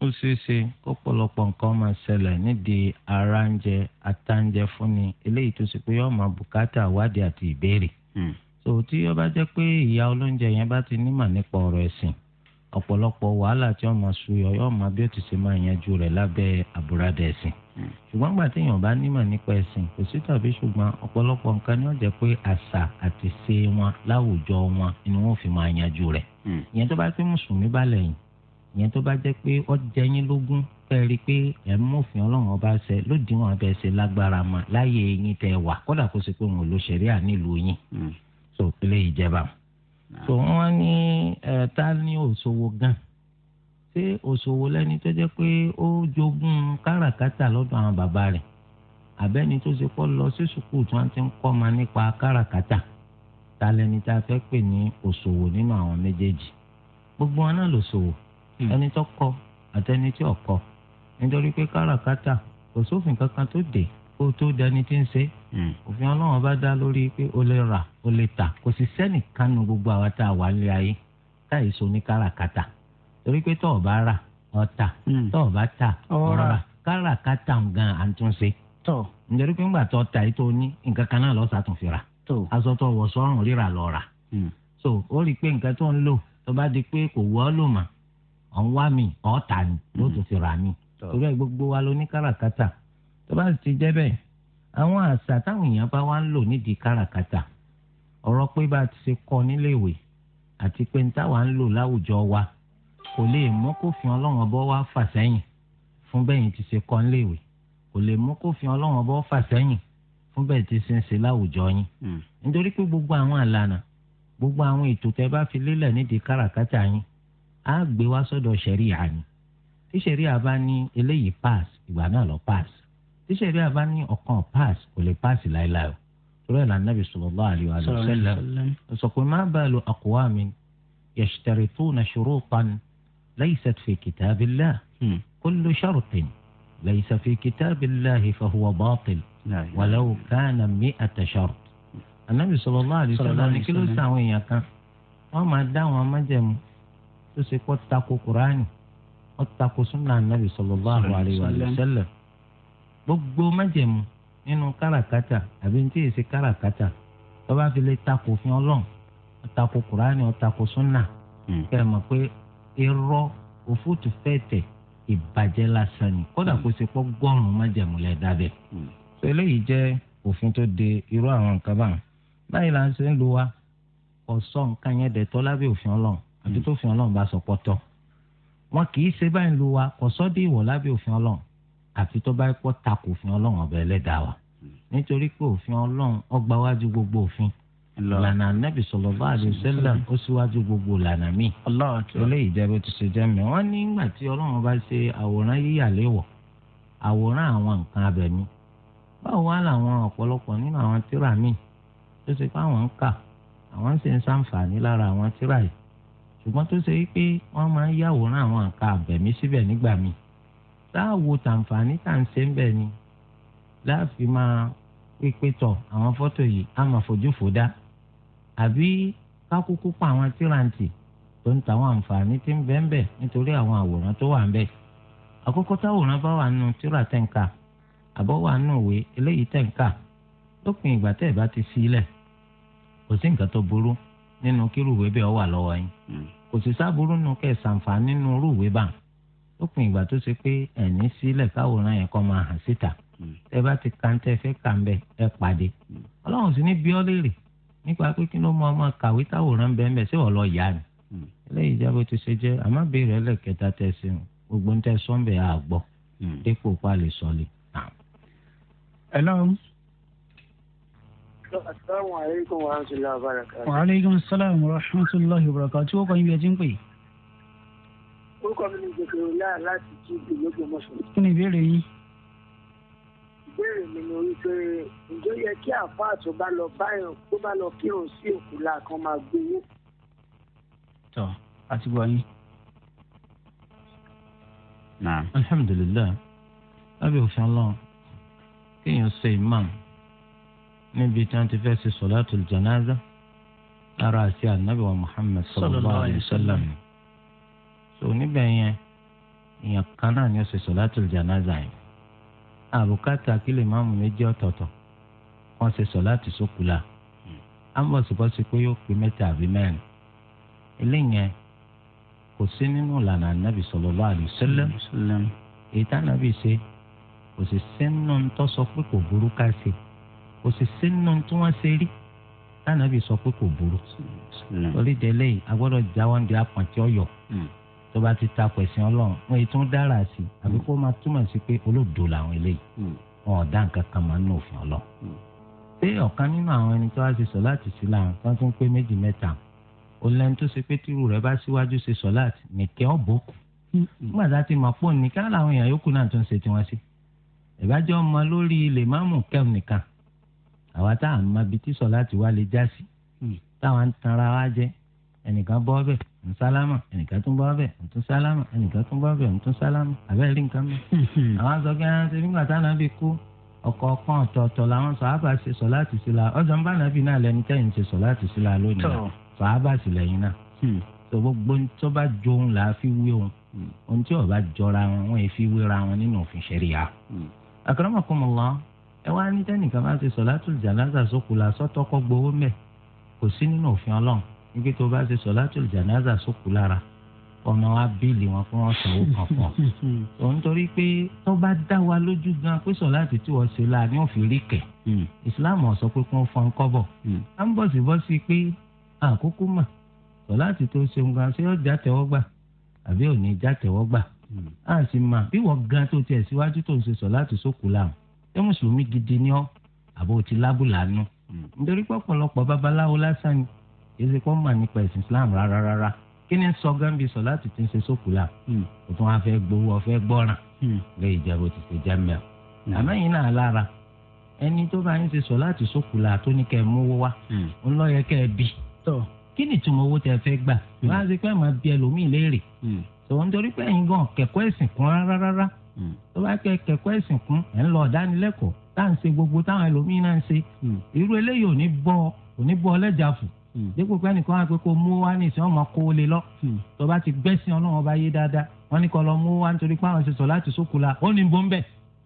ó ṣeé ṣe kó pọ̀lọpọ̀ nǹkan máa ṣẹlẹ̀ nídìí ara ń jẹ atáǹjẹ fúnni eléyìí tó ṣe pé yóò máa bùkátà wádìí àti ìbéèrè. Hmm. so tí ó bá jẹ́ pé ìyá olóúnjẹ yẹn bá ti nímọ̀ nípa ọ̀rọ̀ ẹ̀sìn ọ̀pọ̀lọpọ̀ wàhálà tí ó máa ṣuyọ yóò máa bí ó ti ṣe máa yanjú rẹ̀ lábẹ́ àbúradà ẹ̀sìn. Hmm. ṣùgbọ́n gbà téèyàn bá nímọ̀ nípa ẹ̀sìn kò sí tàbí ṣùgbọ́n ọ̀pọ̀lọpọ̀ nǹkan ni ó jẹ́ pé àṣà àti ṣe wọn láwùjọ wọn ni wọ́n fi máa yanjú rẹ̀. Hmm. ìyẹn tó bá pé mùsùlùmí bá lẹ́yìn ìyẹn tó bá jẹ́ pé ó jẹ yín lógún pẹ́ rí i pé ẹ̀ ń mọ̀fin ọlọ́run ọba ṣẹ lódiwọ̀n abẹ́ ṣe lágbára mà láyé yín tẹ́ wà kódà kó ṣe pé òun ò lo ṣẹ̀ríà nílùú yín tó hmm. ilé ìjẹba. tó wọ́n ní ta ni òṣòwò gan ṣé òṣòwò lẹ́ni tó jẹ́ pé ó jogún káràkátà lọ́dọ̀ àwọn bàbá rẹ̀ àbẹ́ni tó ṣe kọ́ lọ sí sùkúù tí wọ́n ti ń kọ́ ma nípa káràkátà ta lẹni tá a fẹ́ pè ní òṣòwò nínú àwọn méjèèjì gbogbo wọn náà lòṣòwò Hmm. ẹni tó kọ àtẹni tí ò kọ nítorí pé káràkátà kò sófin kankan tó dé kó tó dání tí ń ṣe hmm. òfin ọlọ́run bá dá lórí pé o lè rà o lè tà kò sì sẹ́nìkan nu gbogbo àwa tá a wà nílé ayé táyì so ní káràkátà torí pé tọ́ọ̀ bá rà ọ̀tà hmm. tọ́ọ̀ bá tà ọ̀rà káràkátà gan à ń tún ṣe. nítorí pé ńgbà tó ta yìí ní nǹkan kan náà lọ́sà tún rà aṣọ tó wọ̀ sọ́rùn lọ rà so ó rí i pé nǹkan tó ń lò tó bá di pé kò wọ́ lò mọ́ ọ̀n wá mi ọ̀ọ́ta ni mm-hmm. ló tún ti rà mí torí ẹ gbogbo wa ló ní káràkátà tó bá ti jẹ́ bẹ́ẹ̀ àwọn àṣà táwọn èèyàn bá wá ń lò nídìí káràkátà ọ̀rọ̀ pé bá a ti ṣe kọ́ níléèwé àti pé táwa ń lò láwùjọ wa kò lè mú kófin ọlọ́run ọbọ̀ wá fà sẹ́yìn fún bẹ́yìn ti ṣe kọ́ níléèwé kò lè mú kófin ọlọ́run ọbọ̀ fà sẹ́yìn fún bẹ́ẹ̀ ti ṣe ń ṣe láwùjọ yín mm. nítorí pé gbogbo àwọn àlànà gbogbo àwọn ètò tẹ́ bá fi lélẹ̀ nídìí káràkátà yín á gbé wá sọ́dọ̀ ṣẹ̀ríà ni tí ṣẹ̀ríà bá ní eléyìí pass ìgbà náà lọ pass tí ṣẹ̀ríà bá ní ọ̀kan pass kò lè pass láéláé o torí ẹ̀ là nàbì sallallahu alaihi wa sallam ọ̀sọ̀kùn má bàa lo aqwamin yashtarituna shurutan laysat fi kitabillah hmm. kullu shartin laysa fi kitabillah fahuwa batil walau kana mi'ata shart. ànàbì sallallahu alaihi wa sallam kí ló sàwọn èèyàn kan wọ́n máa dá àwọn májẹ̀mú tó ṣe pọ́ tako kuraani ó tako sunna anabi sallallahu alayhi wa sallam gbogbo májẹ̀mú nínú káràkátà àbí ní tí èsì káràkátà tó bá fi lè tako fún ọlọ́run ó tako kuraani ó tako sunna hmm. kẹ́ ẹ̀ mọ̀ pé irọ́ òfútu fẹ́ẹ̀tẹ̀ ìbàjẹ́ lásán ni kódà hmm. kó ṣe pọ́ gbọ́rùn májẹ̀mú lẹ̀ dábẹ́ hmm. so eléyìí jẹ́ òfin tó de irú àwọn nǹkan báyìí là ń ṣe ń lu wa ọ̀sán nǹkan yẹn òfin ọlọ́run àti hmm. tó fi ọlọ́run bá sọ pọ́tọ́ wọn kì í ṣe báyìí lu wa kò sọ́ di ìwọ̀ lábẹ́ òfin ọlọ́run àfi tó bá pọ́ takò òfin ọlọ́run ọ̀bẹ ẹlẹ́dàá wa hmm. nítorí pé òfin ọlọ́run ọgbà wájú gbogbo òfin lànà anábì sọlọ bá àdìsẹ́lẹ̀ ó síwájú gbogbo lànà mi eléyìí jẹ́ bó ti ṣe jẹ́ mi wọ́n nígbà tí ọlọ́run bá ṣe àwòrán yíyà àwòrán àwọn nǹkan abẹ̀mí báwo wá làwọn ọ̀pọ̀lọpọ̀ nínú àwọn tírà míì tó ṣe pé àwọn ń kà àwọn sì ń ṣàǹfààní lára àwọn tírà yìí ṣùgbọ́n tó ṣe wípé wọ́n máa ń yàwòrán àwọn nǹkan àbẹ̀mí síbẹ̀ nígbà míì táàwò tàǹfààní tà ń ṣe ń bẹ̀ ni láàfin máa pípé tọ̀ àwọn fọ́tò yìí á máa fojú fò dá àbí kákúkú pa àwọn tíráǹtì tó ń ta àwọn àǹfààní tí ń bẹ́ẹ̀ bẹ́ẹ̀ nítorí àwọn àwòrán tó wà ń bẹ̀ àkọ́kọ́ táwòrán bá wà nù tíra tẹ̀ǹkà àbọ̀ wà nù òwe eléyìí tẹ̀ǹkà lópin ìgbà tẹ̀ bá ti sílẹ̀ kò sí nǹkan tó burú nínú kírúwé bẹ́ẹ̀ ọ wà lọ́wọ́ yín hmm. kò sì sábúrú nù kẹ́ ṣàǹfààní nínú rúwé bá lópin ìgbà tó ṣe pé ẹ̀ní sílẹ̀ káwòrán yẹn kọ́ máa hàn síta hmm. ẹ bá ti ka ń tẹ́ fẹ́ kà ń bẹ ẹ pàdé hmm. ọlọ́run sì ní bí ọ́ léèrè nípa pé kí ló mọ ọmọ kàwé táwòrán bẹ́ẹ̀ bẹ́ẹ̀ sí ọ̀ lọ yá ni eléyìí jábọ̀ ti ṣe jẹ́ àmọ́ béèrè ẹlẹ́kẹta tẹ̀ sí wọn gbogbo ń tẹ́ sọ́ńbẹ̀ àgbọ̀ dípò pa lè ẹ lọ́run asalaamualeykum wa rahmatulahi wa barakatu. wa aleykum salaam wa rahmatulahi wa barakatu. ó kọ́ ibi ẹ ti ń pè. orúkọ mi ni kékeré láà láti jí ìlókè mọ́sán. kí ni ìbéèrè yín. ìbéèrè mi ni wípé ǹjẹ́ yẹ kí àfáà tó bá lọ báyọ̀ tó bá lọ kírun sí òkú làkàn máa gbowó. tọ́ a ti gbọ́ yín. naam alhamdulilayi lábẹ́ òfin ọlọ́run kéèyàn ṣe imam níbi tí wọ́n ti fẹ́ ṣe sọ̀láàtù janaza lára àti ànábì wa muhammed sallallahu alayhi wa sallam so níbẹ̀ yẹn èèyàn kan náà ni ó ṣe sọ̀láàtù janaza yẹn àbùkátà kí lè máàmù méjì ọ̀tọ̀ọ̀tọ̀ wọ́n ṣe sọ̀láàtù sókùlà ambọ̀sibọ́sí pé yóò pé mẹ́ta àbí mẹ́rin eléyẹn kò sí nínú ìlànà ànábì sallallahu alayhi wa èyí tá ànábì ṣe kò kò sì sínú tí wọ́n ṣe rí tánàbì sọ pé kò burú hmm. torí délé yìí a gbọ́dọ̀ jáwọ́ ní apàtí ọ̀yọ́ tó bá ti ta pẹ̀sìn ọlọ́run wọn èyí tó ń dára sí àbí kó máa túmọ̀ sí pé olódò làwọn eléyìí hmm. wọn ò dá nǹkan kan máa ń nà òfin ọlọ́run pé hmm. ọ̀kan nínú àwọn ẹni tó wá ṣe sọ láti sí láwọn tó ń tún pé méjì mẹ́ta olóyún tó ṣe pé tírú rẹ̀ bá síwájú ṣe sọ láti nìkẹ́ ọ̀bọ̀kù nígbà ti mọ̀ pọ̀ nìkan làwọn èèyàn yòókù náà tó ń ṣe tiwọn àwa tá à ń mọ ibi tí sọlá ti wá lè já sí hmm. táwa ń tanra wa jẹ ẹnìkan bọ́ bẹ̀ ń sálámà ẹnìkan tún bọ́ bẹ̀ ń tún sálámà ẹnìkan tún bọ́ bẹ̀ ń tún sálámà àbẹ́rẹ́ rí nǹkan mọ́. Hmm. àwọn sọ pé ẹran ah, ṣe nígbà tá ànábì kú ọkọ̀ kan ọ̀tọ̀ọ̀tọ̀ làwọn sọ̀hábà ṣe sọ láti sí la ọjọ́ ń bá ànábì náà lẹni tẹ́yìn ṣe sọ láti sí la lónìí náà sọ̀hábà sì lẹ́yìn náà. tó hmm. gbogbo tó bá jo òun là á fi wé òun ohun tí ò jọra wọn wọn fi wéra wọn nínú òfin ṣẹ̀ríya. àkàràmọ̀kùnmọ̀ lọ́wọ́ ẹ wá ní tẹnìkan bá ṣe sọ̀látùl jànáza sókù la sọ́tọ́ kọ́ gbowó mẹ́ kò sí nínú òfin ọlọ́run nígbà tó bá ṣe sọ̀látùl jànáza sókù lára ọmọ wa bíìlì wọn fún wọn sanwó kan fún ọ [laughs] òun torí pé tó bá dá wa lójú gan pé sọ̀láàtì tí wọ́n ṣe la ni wọ́n fi rí kẹ̀ hmm. ìsìláàmù ọ̀sọ́ pé kí wọ́n fọ́n kọ́bọ̀ hmm. à ń bọ̀sibọ́sí pé àkókò mà sọ̀láàtì tó ṣe ń gan ṣé ó já tẹ́wọ́ gbà àbí ò já tẹ́wọ́ gbà á hmm. mà bí wọ́n gan tó tiẹ̀ síwájú tó ń ṣe sọ̀láàtì sókù láwọn ṣé mùsùlùmí gidi ni ọ́ àbò ti lábùlà nù. Hmm. nítorí pé ọ̀pọ̀lọpọ̀ babaláwo lásán ni èsì kò mà nípa ẹ̀sìn Islam rárá rárá kí ni sọ gánbi sọ láti ti ń ṣe sókùlà o hmm. tún wá fẹ́ gbowó ọ̀fẹ́ gbọ́ràn hmm. lè ìjẹ́bù ti ṣe jẹ́ mẹ́ọ̀. àmọ́ yìí náà lára ẹni tó bá ń ṣe sọ láti sókùlà tó ní kẹ́ ẹ mówó wá ń lọ yẹ kẹ́ ẹ bí kí ni ìtumọ̀ owó tẹ fẹ́ gbà wọ́n á ṣe pé máa bí ẹlòmíì léèrè tòun torí pé ẹ̀yin gan kẹ̀kọ́ ẹ̀sìn kan rárá rárá kẹ kẹ̀kọ́ ẹ̀sìn kún ẹ̀ ń lọ ọ̀dánilẹ́kọ̀ọ́ tá à ń ṣe gbogbo táwọn ẹlòmíín náà ń ṣe hmm. irú eléyìí ò ní bọ́ ò ní bọ́ ọlẹ́jà fù hmm. dípò pé ẹnìkan wá pé kó mú wá ní ìsìn ọmọ kó lè lọ hmm. tó bá ti gbẹ́sìn ọlọ́run bá yé dáadáa wọ́n ní kó lọ mú wá nítorí pé àwọn ṣe sọ láti sókùlà ó ní bó ń bẹ̀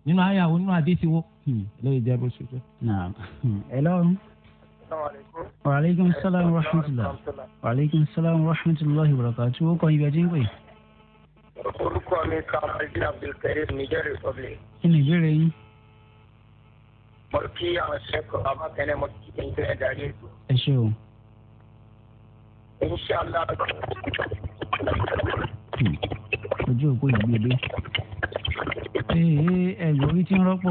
nínú àyàwó nínú àdéhìí wo. lóye jẹ bó ṣe jẹ. ẹ lọ́run. wàhálà aleykum salaam wa rahmatulah. wàhálà aleykum salaam wa rahmatulah ibrahima tí ó kọ́ ibi ẹjẹ́ ń pè é orúkọ mi kamaldin abdulkareem niger republic. kí ni ìbéèrè yín. mo kí àwọn sẹ́kọ̀ọ́ abákẹ́lẹ́ mo kí ẹni tó ẹ̀ darí ètò. ẹ ṣe o. inṣàlá. ojú òpó ìgbèdé. ee ẹ̀gbọ́n orí ti ń rọ́pò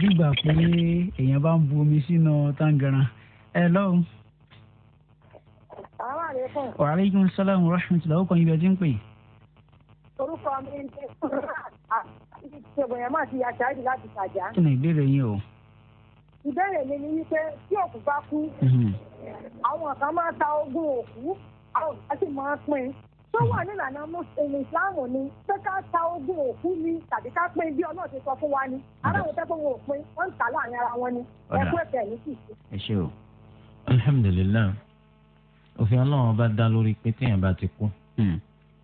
dígbà pé èèyàn bá ń bu omi sínú tangaran ẹ lọ́hùn. wàhálà ìgbìmọ̀ sálàmù rọ́ṣùn tìlà ó kàn ẹ ti ń pè orúkọ mi ń tẹ ṣègùn yẹn máa ti ya ṣáájú láti ṣàjà. kí ni ìbéèrè yín o. ìbéèrè mi ni wípé tí òkú bá kú mhm. àwọn kan máa ta ogún òkú àwọn kan sì máa pín tó wà nílànà mùsùlùmí ìsìláàmù ni pé ká ta ogún òkú ni tàbí ká pín bí ọlọ́run ti sọ fún wa ni aráàlú tẹ́ wọn ò pín wọ́n ń tà láàrin ara wọn ni ẹ̀kú ẹ̀kẹ́ ní kì í. ẹ ṣe o alhamdulilayi òfin ọlọ́run bá dá lórí pé téèyàn bá ti kú hmm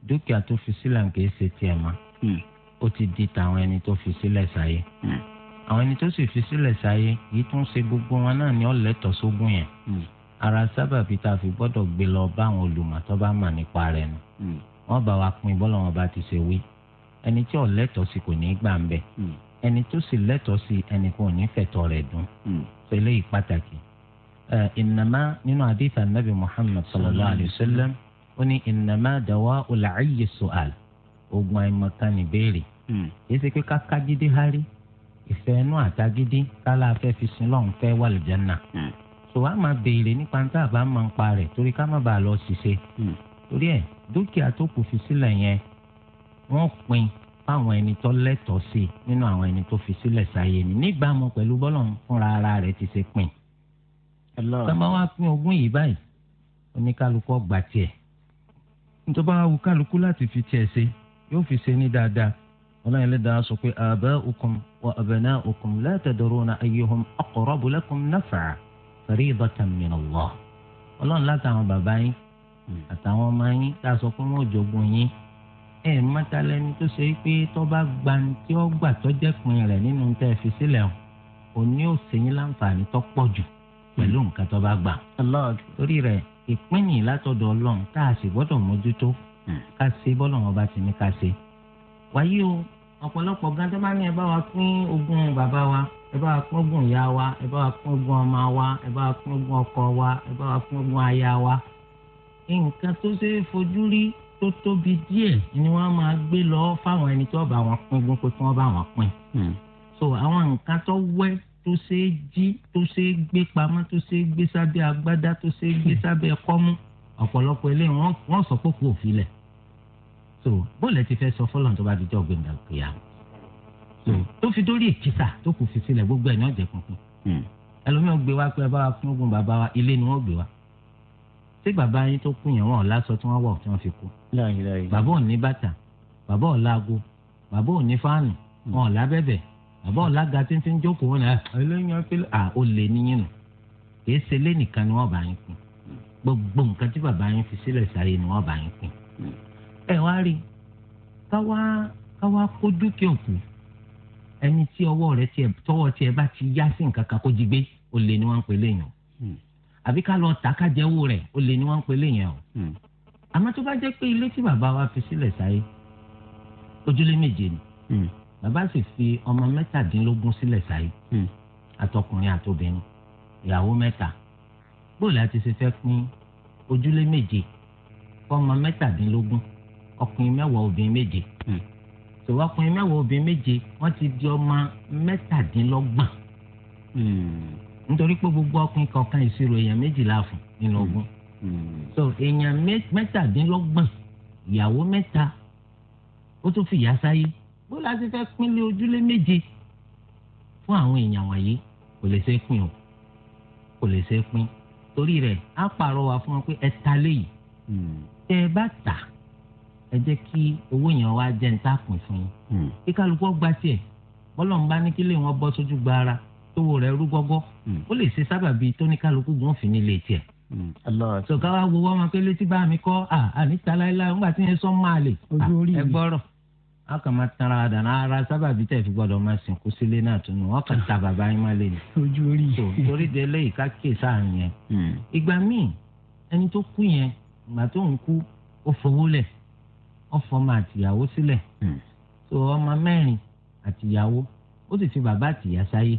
dúkìá tó fi sílẹ̀ kì í ṣe tiẹ̀ mọ́ hmm. ó ti di tàwọn ẹni tó fi sílẹ̀ sáyé hmm. àwọn ẹni tó sì fi sílẹ̀ sáyé yìí tún ṣe gbogbo wọn náà ni ó lẹ́tọ̀ọ́ yẹn hmm. ara sábàbí tá a fi gbọ́dọ̀ gbé lọ bá àwọn olùmọ̀ tó bá mà nípa rẹ̀ nù wọ́n bá wa pín bọ́lá wọn bá ti ṣe wí ẹni tí ò lẹ́tọ̀ọ́ kò ní í gbà ń bẹ̀ ẹni tó sì lẹ́tọ̀ọ́ sí ẹni kò ní í rẹ̀ dùn pẹ̀lẹ́ yìí pàtàkì ìnàmá nínú àdìsá nàbì Muhammad sallallahu alayhi wa sallam ó ní innama dawa'ul 'ayyi su'al oògùn àìmọ̀kan ní béèrè yìí hmm. ṣe pé káká gidi hárí ìfẹ́ inú àtagídí kálá afẹ́ fi sin lọ́hùn fẹ́ wà lùjánà tó wàá máa béèrè nípa ní táàbà máa ń pa rẹ̀ torí ká má bàa lọ ṣiṣẹ́ hmm. torí ẹ̀ dúkìá tó kù fi sílẹ̀ yẹn wọ́n pín fáwọn ẹni tó lẹ́tọ̀ọ́ sí nínú àwọn ẹni tó fi sílẹ̀ sáyé ni níbàámu pẹ̀lú bọ́lọ̀ fúnra ara rẹ̀ ti ṣe pín. tọ́mọ wa pín ogún yìí báyìí oníkálukú ọgbà tiẹ̀ nítorí bá wù kálukú láti fi tiẹ̀ ṣe yóò fi ṣe ní dáadáa ọlọ́run ẹlẹ́dàá sọ pé aba'ukum wa abna'ukum la tadruna ayyuhum aqrabu lakum naf'a fariidatan min Allah ọlọ́run látàwọn bàbá yín àtàwọn ọmọ yín tá a sọ pé wọ́n jogún yín ẹ̀ mọ́tàlẹ́ni tó ṣe pé tó gba tí ó gbà tó jẹ́ rẹ̀ nínú tẹ́ ẹ fi sílẹ̀ o òní ò sẹ́yìn láǹfààní tó pọ̀ jù pẹ̀lú nǹkan tó bá gbà. torí rẹ̀ ìpínyìn látọ̀dọ̀ ọlọ́run tá a sì gbọ́dọ̀ mójútó hmm. ká ṣe bọ́lọ̀ wọn bá ti ní ká ṣe. wáyé o ọ̀pọ̀lọpọ̀ gan tó bá ní ẹ bá wa pín ogún bàbá wa ẹ bá wa pín ogún ìyá wa ẹ bá wa pín ogún ọmọ wa ẹ bá wa pín ogún ọkọ wa ẹ bá wa pín ogún aya wa. nǹkan tó ṣe é fojú rí tó tóbi díẹ̀ ni wọ́n máa gbé lọ fáwọn ẹni tó bá wọn pín ogún pé kí wọ́n bá wọn pín. Hmm. so àwọn nǹkan tó wẹ́ tó ṣeé jí tó ṣeé gbé pamọ́ tó ṣeé gbé sábẹ́ agbádá tó ṣeé gbé sábẹ́ kọ́mú ọ̀pọ̀lọpọ̀ eléyìí wọ́n sọ pé kò filẹ̀ so bóòlù ẹ ti fẹ́ sọ fọlọ́n tó bá di jọ́ gbẹ̀ngàn kìyà so tó fi dórí èkìtà tó kù fi sílẹ̀ gbogbo ẹ̀ ní ọ̀jẹ̀ kankan ẹlòmíràn gbé wá pé ẹ bá wa fún ogun bàbá wa ilé ni wọ́n gbé wa tí bàbá yín tó kú yẹn wọn ò lásọ tí wọ́n wọ̀ tí wọ́n fi kú bàbá ò bàtà bàbá ò bàbá ò fáànù hmm. wọn ò lábẹ́bẹ̀ẹ́ àbọ̀ ọ̀làgà tí ń fi ń jókòó wọn náà ẹlẹ́yìn apẹ́lẹ́ à ó lè níyìn nù kì í ṣe lẹ́nìkan ni wọ́n bá yín pín gbogbo nǹkan tí bàbá yín fi sílẹ̀ sáyé ni wọ́n bá yín pín. ẹ wá rí káwá káwá kó dúkìá òkú ẹni tí ọwọ́ rẹ tiẹ̀ tọwọ́ tiẹ̀ bá ti yá sí nǹkan kan kó jí gbé ó lè ní wọ́n ń pè léèyàn hmm. àbí ká lọ tà ká jẹ́wó rẹ̀ ó lè ní wọ́n ń pè léèyàn o hmm. àmọ́ tó bá jẹ́ pé ilé tí bàbá wa fi sílẹ̀ sáyé ojúlé méje ni. Hmm bàbá sì fi ọmọ mẹ́tàdínlógún sílẹ̀ sáyé hmm. àtọkùnrin àtobìnrin ìyàwó mẹ́ta bóòlù àti ṣe fẹ́ pín ojúlé méje fọmọ mẹ́tàdínlógún ọkùnrin mẹ́wàá obìnrin méje tó hmm. ọkùnrin mẹ́wàá obìnrin méje wọ́n ti di ọmọ mẹ́tàdínlọ́gbọ̀n hmm. nítorí pé gbogbo ọkùnrin kọ̀ọ̀kan ìṣirò èèyàn méjìlá fún nínú ogún so èèyàn mẹ́tàdínlọ́gbọ̀n ìyàwó mẹ́ta ó tún fi ìyá sáyé bó la ti fẹ́ pínlẹ ojúlé méje fún àwọn èèyàn wọ̀nyí kò lè ṣe é pín o kò lè ṣe é pín torí rẹ̀ á pàrọwà fún wọn pé ẹ ta léyìí hmm. tẹ ẹ bá tà ẹ jẹ́ kí owó yẹn wá jẹ ń tà pín fún yín hmm. kí kálukú gba tiẹ̀ bọ́lọ́run bá ní kí lè wọn bọ́ sójú gbára tówó rẹ̀ rú gọ́gọ́ hmm. ó lè ṣe sábàbí tóníkálukú gan fìní lè tiẹ̀ sọ̀ká wa wo wọ́n máa pé létí bá mi kọ́ àníta láéláé ńgbà tí yẹn sọ máa lè ẹgbọ́rọ̀ a kàn máa tan ara dànù ara sábàbí tẹ̀ fi gbọ́dọ̀ máa sìnkú sílé náà tó nù wọ́n kàn ta bàbá yín má lè ní. ojú orí yìí torí de lẹ́yìn ká kè sáàrin yẹn. Hmm. ìgbà míì ẹni tó kú yẹn ìgbà tó ń kú ó fowó lẹ̀ ó fọmọ àtìyàwó sílẹ̀ tó hmm. ọmọ mẹ́rin àtìyàwó ó sì fi bàbá àtìyá sáyé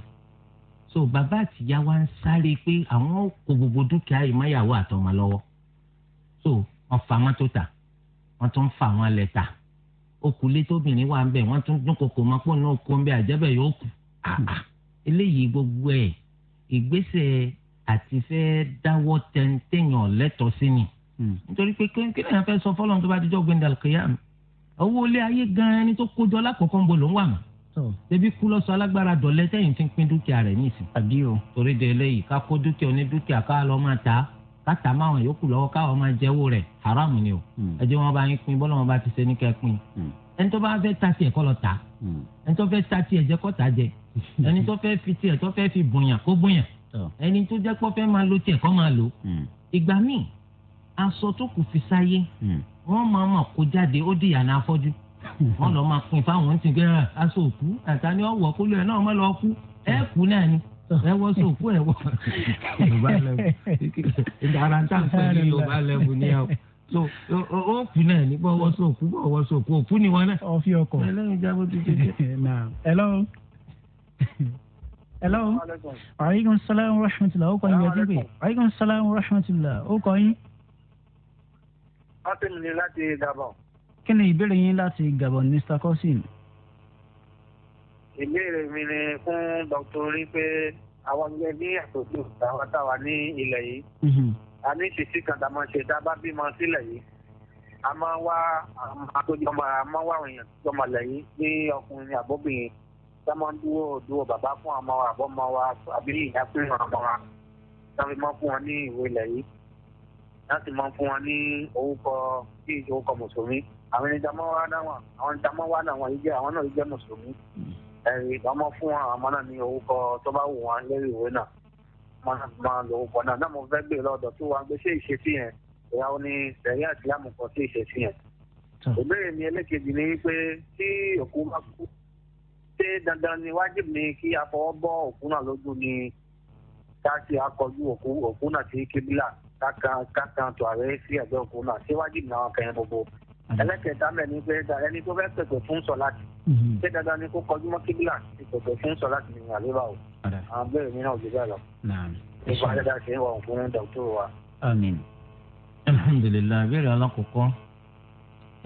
so bàbá àtìyá wa ń sáré pé àwọn kò gbogbo dúkìá yìí àtọmọ lọ́wọ́ so wọ́n fa mọ́tò ta wọ́n tún fa wọn lẹ̀ ta okùnlé tóbìnrin wà ń bẹ wọn tún dúnkokò máa pọ̀ náà kó ń bẹ àjẹbẹ yóò kù ah. eléyìí gbogbo ẹ̀ ìgbésẹ̀ àti fẹ́ dáwọ́ tẹ̀yàn lẹ́tọ̀ọ́ sí ni hmm. nítorí pé kí ni àwọn fẹ́ sọ fọlọ́n tó bá dijọ́ gbẹ̀ndàlù kìyàm owó ilé ayé gan-an ni tó kójọ lákòókò ń bọ̀ ló ń wà mọ́ tẹbi kú lọ sọ alágbára dọ̀lẹ́ tẹ̀yìn tí ń pín dúkìá rẹ̀ nísìn. àbí o torí de eléyìí ká kó dúkìá onídúkìá ká lọ máa ta á káta máwọn yòókù lọ́wọ́ káwọn máa jẹ́wọ́ rẹ̀ haramu ni o hmm. ẹ jẹ́ wọn bá yín pín bọ́lá wọn bá ti ṣe ní kẹ́pin hmm. ẹni tó bá fẹ́ ta tiẹ̀ kọ́ lọ ta hmm. ẹni tó fẹ́ ta tiẹ̀ jẹ́ kọ́ ta jẹ [laughs] ẹni tó fẹ́ fi tiẹ̀ tó fẹ́ fi bùnyàn kó bùnyàn ẹni tó jẹ́ pọ́ fẹ́ máa lo tiẹ̀ kọ́ máa lo ìgbà míì aṣọ tó kù fi sáyé wọ́n máa mọ̀ kó jáde ó dìyà náà afọ́jú [laughs] wọ́n lọ máa pin fáwọn ti gbẹ́ràn ah, aṣọ òkú àtàní ọ̀wọ́ kólú ẹ̀ náà má lọ kú ẹ̀ kú náà ni [laughs] ẹ wọ sòkú ẹ wọ yorùbá lẹ́bù ara ń tàn pé yorùbá lẹ́bù ni ẹ so ó kù náà nígbà ọwọ́ sòkú bọ̀ ọwọ́ sòkú òkú ni wọn náà. ọfi ọkọ ẹlẹ́yin jábọ̀ ti dé. [laughs] hello. hello. aleykum salaam wa rahmatulah ó kọ́ yín yẹtí pé aleykum salaam wa rahmatulah ó kọ́ yín. wọ́n ti nìyí láti Gabon. kí ni ìbéèrè yín láti Gabon Mr. Kosim ìbéèrè mi ni fún dr orí pé àwọn ẹgbẹ́ ní àtòkù àwọn táwa ní ilẹ̀ yìí mhm. a ní ṣìṣì kan tá a máa ṣe tá a bá bímọ sílẹ̀ yìí a máa wá àtòjọmọ a máa wá àwọn èèyàn tó jọmọ lẹ́yìn ní ọkùnrin àbóbìnrin tá a máa dúró dúró bàbá fún àmọ́ wa àbọ́mọ wa àbí ìyá fún àmọ́ wa tá a fi máa fún wọn ní ìwé ilẹ̀ yìí láti máa fún wọn ní orúkọ bíi orúkọ mùsùlùmí àwọn ẹni tá a máa wá náà wọn àwọn ẹni tá a máa wá náà wọn yìí jẹ́ ẹ̀rí ìbámu fún àwọn ọmọ ní orúkọ tó bá wù wọ́n lórí ìwé náà máa máa lo orúkọ náà náà mo fẹ́ gbé e lọ́dọ̀ tó wà gbé ṣé ìṣesí yẹn ìyá ó ní sẹ̀rí àtìlámù kan sí ìṣesí yẹn. ìbéèrè mi ẹlẹ́kejì ni wípé tí òkú bá ṣé dandan ni wájú mi kí a fọwọ́ bọ́ òkú náà lójú ni ká ṣe akọjú òkú òkú náà sí kíbílà Mm. ẹlẹ́kẹ̀ẹ́ta mẹ́ ni pé ẹni tó fẹ́ pẹ̀pẹ̀ fún sọ̀láàtì mm-hmm. ṣé dandan ni kó kọjú mọ́ kíbílà ìpẹ̀pẹ̀ fún sọ̀láàtì ní àlébà o àwọn bẹ́ẹ̀ mi náà ò gbégbá lọ. nípa dáadáa ṣe ń wà fún dọ́kítọ̀ wa. àmín alhamdulilayi abéèrè alákọ̀ọ́kọ́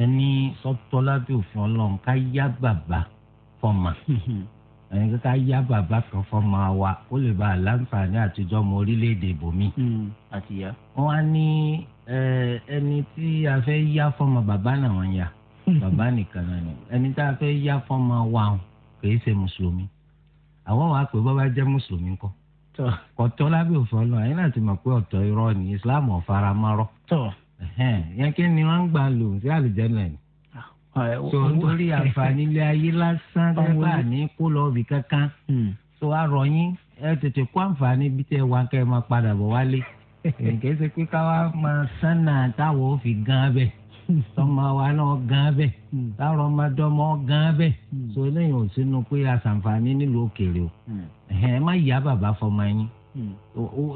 ẹni sọ́tọ́ lábẹ́ òfin ọlọ́run ká yá bàbá fọ́ọ̀mà [laughs] ẹ̀yin kíkà yá bàbá kan fọmọ wa ó lè bá àlàǹfààní àtijọ́ ọmọ orílẹ̀-èdè bòmí. Hmm, wọ́n á ní ẹni tí a fẹ́ yá fọmọ bàbá náà wọ́n yá [laughs] bàbá nìkan náà ni ẹni tá a fẹ́ yá fọmọ wa kì í ṣe mùsùlùmí àwọn wàá pè bọ́bá jẹ́ mùsùlùmí kọ́ kọtọ lábẹ́ òfin Ọlọ́run ẹ̀yin náà ti mọ̀ pé ọ̀tọ̀ irọ́ ni Islam ọfaramọrọ yẹn kí ni wọ́n ń gbà lò sí àlùjẹ náà ni so nítorí àǹfààní ilé ayé lásán dábàá àní kó lọ bì kankan hmm. so a rọ̀ yín ẹ tètè kó àǹfààní bí tẹ wá kẹ́ ẹ máa padà bọ̀ wálé [laughs] kì í ṣe pé káwa máa sánà táwọn ò fi gan abẹ tọmọ wa náà gan abẹ hmm. táwọn ọmọdọmọ gan abẹ hmm. so eléyìí ò sínú pé aṣàǹfààní nílùú òkèèrè o ẹ má yá bàbá fọmọ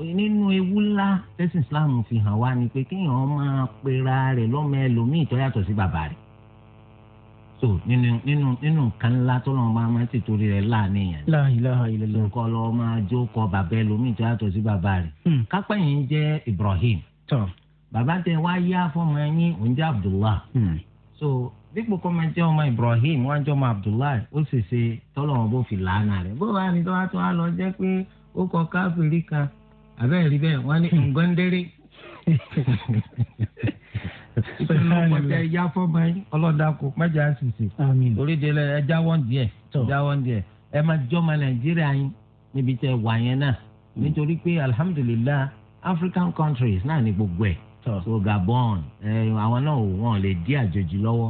yín nínú ewu ńlá tẹsán islam fi hàn wá ni pé kéèyàn máa pera rẹ̀ lọ́mọ ẹlòmíì tó yàtọ̀ sí bàbá rẹ̀ so oh, nínú nínú nínú nǹkan ńlá tó lọ́wọ́ máa máa ti torí rẹ̀ láàánú yẹn. la ilaha illallah. nǹkan lọ máa jó kọ bàbá ẹlòmíì tó sí bàbá rẹ̀. Hmm. kápẹ́ yìí jẹ́ Ibrahim. tọ́ bàbá tẹ wá yá fọmọ ẹyin òun jẹ́ Abdullah. Hmm. so dípò kọ́ máa jẹ́ ọmọ Ibrahim wọ́n jẹ́ ọmọ Abdullah ó sì ṣe tọ́lọ́wọ́n bó fi làánà rẹ̀ bó bá ní tó wá tó wá lọ jẹ́ pé ó kọ káfíìrì kan àbẹ́ẹ̀rí [laughs] lọ́wọ́ tẹ ẹ̀yà fọ́mọ yín ọlọ́dà kò mẹ́jọ àṣìṣe torí délé ẹ jáwọ́ díẹ̀ jáwọ́ díẹ̀ ẹ máa jọ́mọ nàìjíríà yín níbi tẹ wà yẹn náà mm. nítorí pé alhamdulillah african countries náà ní gbogbo ẹ̀ so Gabon àwọn náà wọn lè dí àjòjì lọ́wọ́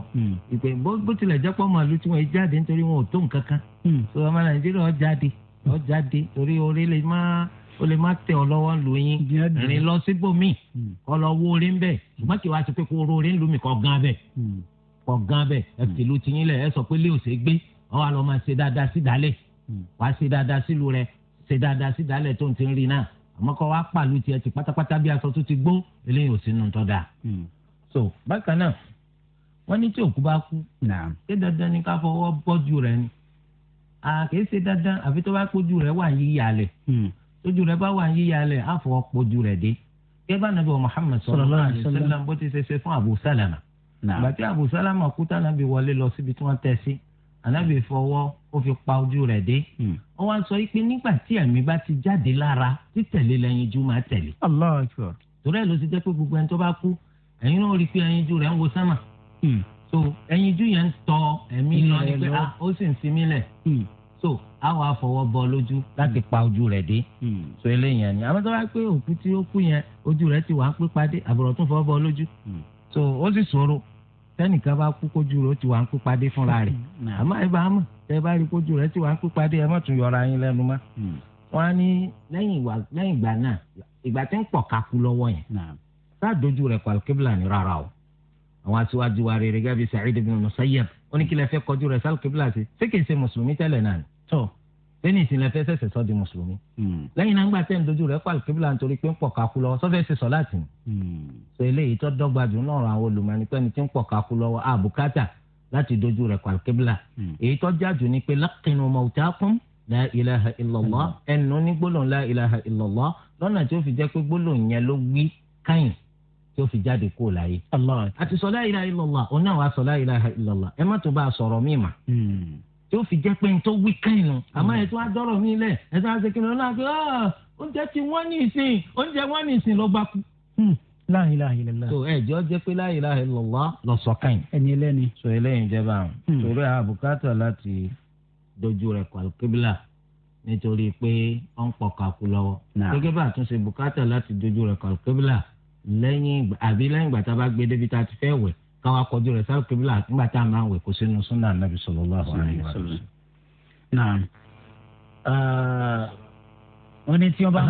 ìpè mm. bó tilẹ̀ jẹ́ pọ́ màálù tí wọ́n jáde nítorí wọn ò tó nǹkan kan mm. so ọmọ nàìjíríà ó jáde ó jáde torí orílẹ̀ máa ó lè má tẹ ọ lọ́wọ́ lóyún rìn lọ síbòmíì hmm. kọ́ lọ wó orí ń bẹ̀ hmm. ṣùgbọ́n kí wàá ti pé kó oró orí ń lù mí kọ́ gan bẹ̀ hmm. kọ́ gan bẹ̀ ẹ tìlú tiyín lẹ̀ ẹ sọ pé lé òsè gbé ọ wà lọ́ọ́ máa ṣe dáadáa sí dálẹ̀ wàá ṣe dáadáa sílùú rẹ ṣe dáadáa sí dálẹ̀ tó ń ti rìn náà àmọ́ kọ́ wàá pàlú tiẹ̀ ti pátápátá bí aṣọ tó ti gbó eléyìí ò sínú tọ́ da. so bákan náà wọ́n ní tí òkú bá kú ṣé dandan ni ká fọwọ́ bọ́jú rẹ ni àkèé ṣe dandan àfi tó bá kójú rẹ wà yíyalẹ̀ tójú rẹ bá wà ń yíya lẹ àfọ ọpọjú rẹ dé gẹ́gẹ́ bá nàbẹ Muhammad sallallahu alaihi wasallam bó ti ṣe fún Abu Salama gbàtí Abu Salama kú tànàbí wọlé lọ síbi tí wọ́n tẹ̀ sí ànàbí fọwọ́ ó fi pa ojú rẹ̀ dé. Hmm. ó wá sọ pé nígbà tí ẹ̀mí bá ti jáde lára títẹ̀lé lẹ́yinjú máa tẹ̀lé. torí ẹ̀ ló ti jẹ́ pé gbogbo ẹni tó bá kú ẹ̀yin náà rí i pé ẹyinjú rẹ̀ ń wo sánmà. Hmm. so ẹyinjú yẹn ń tọ ẹ̀mí lọ ní ah, ó sì ń sinmi lẹ̀. Hmm so àwọn afọwọ́ bọ lójú láti hmm. pa ojú rẹ̀ dé hmm. so eléyìí ẹni àmọ́ tó bá pé òkú tí ó kú yẹn ojú rẹ̀ ti wà ń pé padé àbúrò tó fọwọ́ bọ lójú hmm. so ó sì ṣòro tẹnìkan bá kú kójú rẹ̀ ó ti wà ń pé padé fúnra rẹ̀ àmọ́ ẹ bá mọ̀ tẹ bá rí kójú rẹ̀ ti wà ń pé padé ẹ má tún yọra yín lẹ́nu mọ́ wọn á ní lẹ́yìn ìgbà náà ìgbà tí ń pọ̀ kakú lọ́wọ́ yẹn sáàdójú rẹ̀ kọ̀ọ̀kébìlà ní rárá o àwọn aṣíwájú wa rere gẹ́gẹ́ bíi Sa'id ibn Musayyab ó ní kí lè fẹ́ kọjú rẹ̀ sálùkébìlà sí ṣé kìí ṣe mùsùlùmí tẹ́lẹ̀ náà ni tó lẹ́ni ìsìnlẹ̀ fẹ́ sẹ̀sẹ̀ sọ di mùsùlùmí hmm. lẹ́yìn náà ń gbà tẹ́ ń dojú rẹ̀ pa àlùkébílà nítorí pé ń pọ̀ kakú lọ́wọ́ sọ́fẹ́ sì sọ láti ní. sọ eléyìí tó dọ́gba jù náà àwọn olùmọ̀ọ́ni pẹ́ni tí ń pọ̀ kakú lọ́wọ́ àbùkátà láti dojú rẹ̀ pa àlùkébílà hmm. èyí tó jájú ni pé lákìnnú mọ̀ọ́tàkùn la ilaha illallah hmm. ẹnu ní gbólóhùn la ilaha illallah lọ́nà tí ó fi jẹ́ pé gbólóhùn yẹn ló wí káyìn tí ó fi jáde kó láyé. àti sọ la ilaha illallah òun náà wàá sọ la ilaha illallah ẹ má tó bá a sọ̀rọ̀ míì mà tí ó fi jẹ́ pé n tó wí kẹ́yìn nù àmọ́ mm. ẹ̀ tó wá dọ́rọ̀ mí lẹ̀ ẹ̀ tó wá ṣe kìnìún náà pé oúnjẹ tí wọ́n ní ìsìn oúnjẹ wọ́n ní ìsìn ló bá kú. Hmm. la ilaha illallah. tó ẹ jọ jẹ pé la ilaha illallah lọ sọ kẹ́yìn. ẹni ẹlẹ́ni. sọ eléyìí jẹba àwọn. Hmm. torí àbùkátà láti dojú rẹ̀ kọ̀ọ̀kébìlà nítorí pé ó ń pọkà kú lọ́wọ́. gẹ́gẹ́ bá àtúnṣe bùkátà láti dojú rẹ̀ kọ̀ọ̀kébìlà lẹ́yìn àbí lẹ́yìn ìgbà tá a bá gbé débi tá a ti fẹ́ wẹ̀ káwa kọjú rẹ̀ sáré kébìlà nígbà tá a máa ń wẹ̀ kó sínú súnà nàbì sallallahu alaihi wasallam. náà ah, wọ́n ní tí wọ́n bá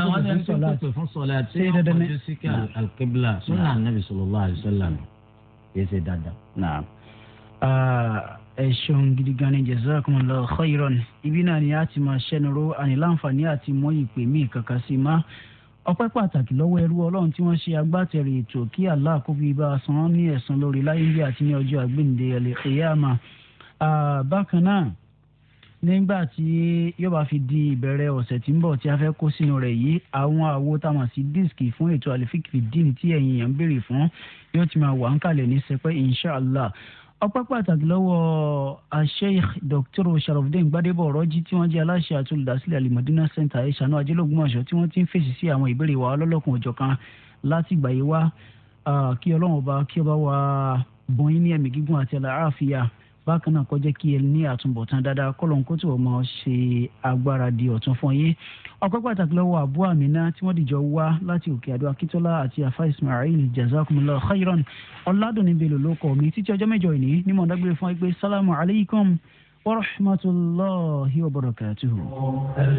kó fún sọlá tí wọ́n kọjú sí ká alkebla súnà nàbì sallallahu alaihi wasallam yìí ṣe dáadáa. Ah, ẹ ṣeun gidi gan ni jazakumullahu khairan ibi náà ni a ti máa ṣẹnuró àní láǹfààní àti mọ ìpè mí sí máa ọpẹ́ pàtàkì lọ́wọ́ ẹrú ọlọ́run tí wọ́n ṣe agbátẹrù ètò kí allah kó fi bá a san án ní ẹ̀san lórí láyé bí àti ní ọjọ́ àgbéǹde ẹ̀lẹ́ kíyámà bákan náà nígbà tí yóò bá fi di ìbẹ̀rẹ̀ ọ̀sẹ̀ tí ń bọ̀ tí a fẹ́ kó sínú rẹ̀ yìí àwọn àwo tá a mọ̀ sí díìskì fún ètò àlìfíkì díìnì tí ẹ̀yin èèyàn ń béèrè fún yóò ti máa wà ń kalẹ̀ ní sẹpẹ́ inshallah ọpẹ́ pàtàkì lọ́wọ́ asheikh dr sharafdin gbadebo ọ̀rọ̀jì tí wọ́n jẹ́ aláṣẹ àti olùdásílẹ̀ center ìṣànú ajẹ́lógúnmọ̀ṣọ́ tí wọ́n ti ń fèsì sí àwọn ìbéèrè wa ọlọ́lọ́kùn òjọ̀kan láti ìgbà yìí wá kí ọlọ́run ọba kí ọba wa bọ̀yìn ní ẹ̀mí gígùn àti àlàáfíà bákan náà kó jẹ́ kí ẹ ní àtúbọ̀tán dáadáa kọ́lọ́n kó tí wọ́n máa ṣe agbára di ọ̀tún fún yín. ọpẹ́ pàtàkì lọ́wọ́ àbú àmínà tí wọ́n dìjọ wá láti òkè àdó akíntola àti afa ismail jazakumullah khairan ọ̀làdùnní bello ló kọ́ mi títí ọjọ́ mẹ́jọ ìní ní mọ̀ dágbére fún ẹgbẹ́ sálámù alaykum wa rahmatulahi wa barakatuhu.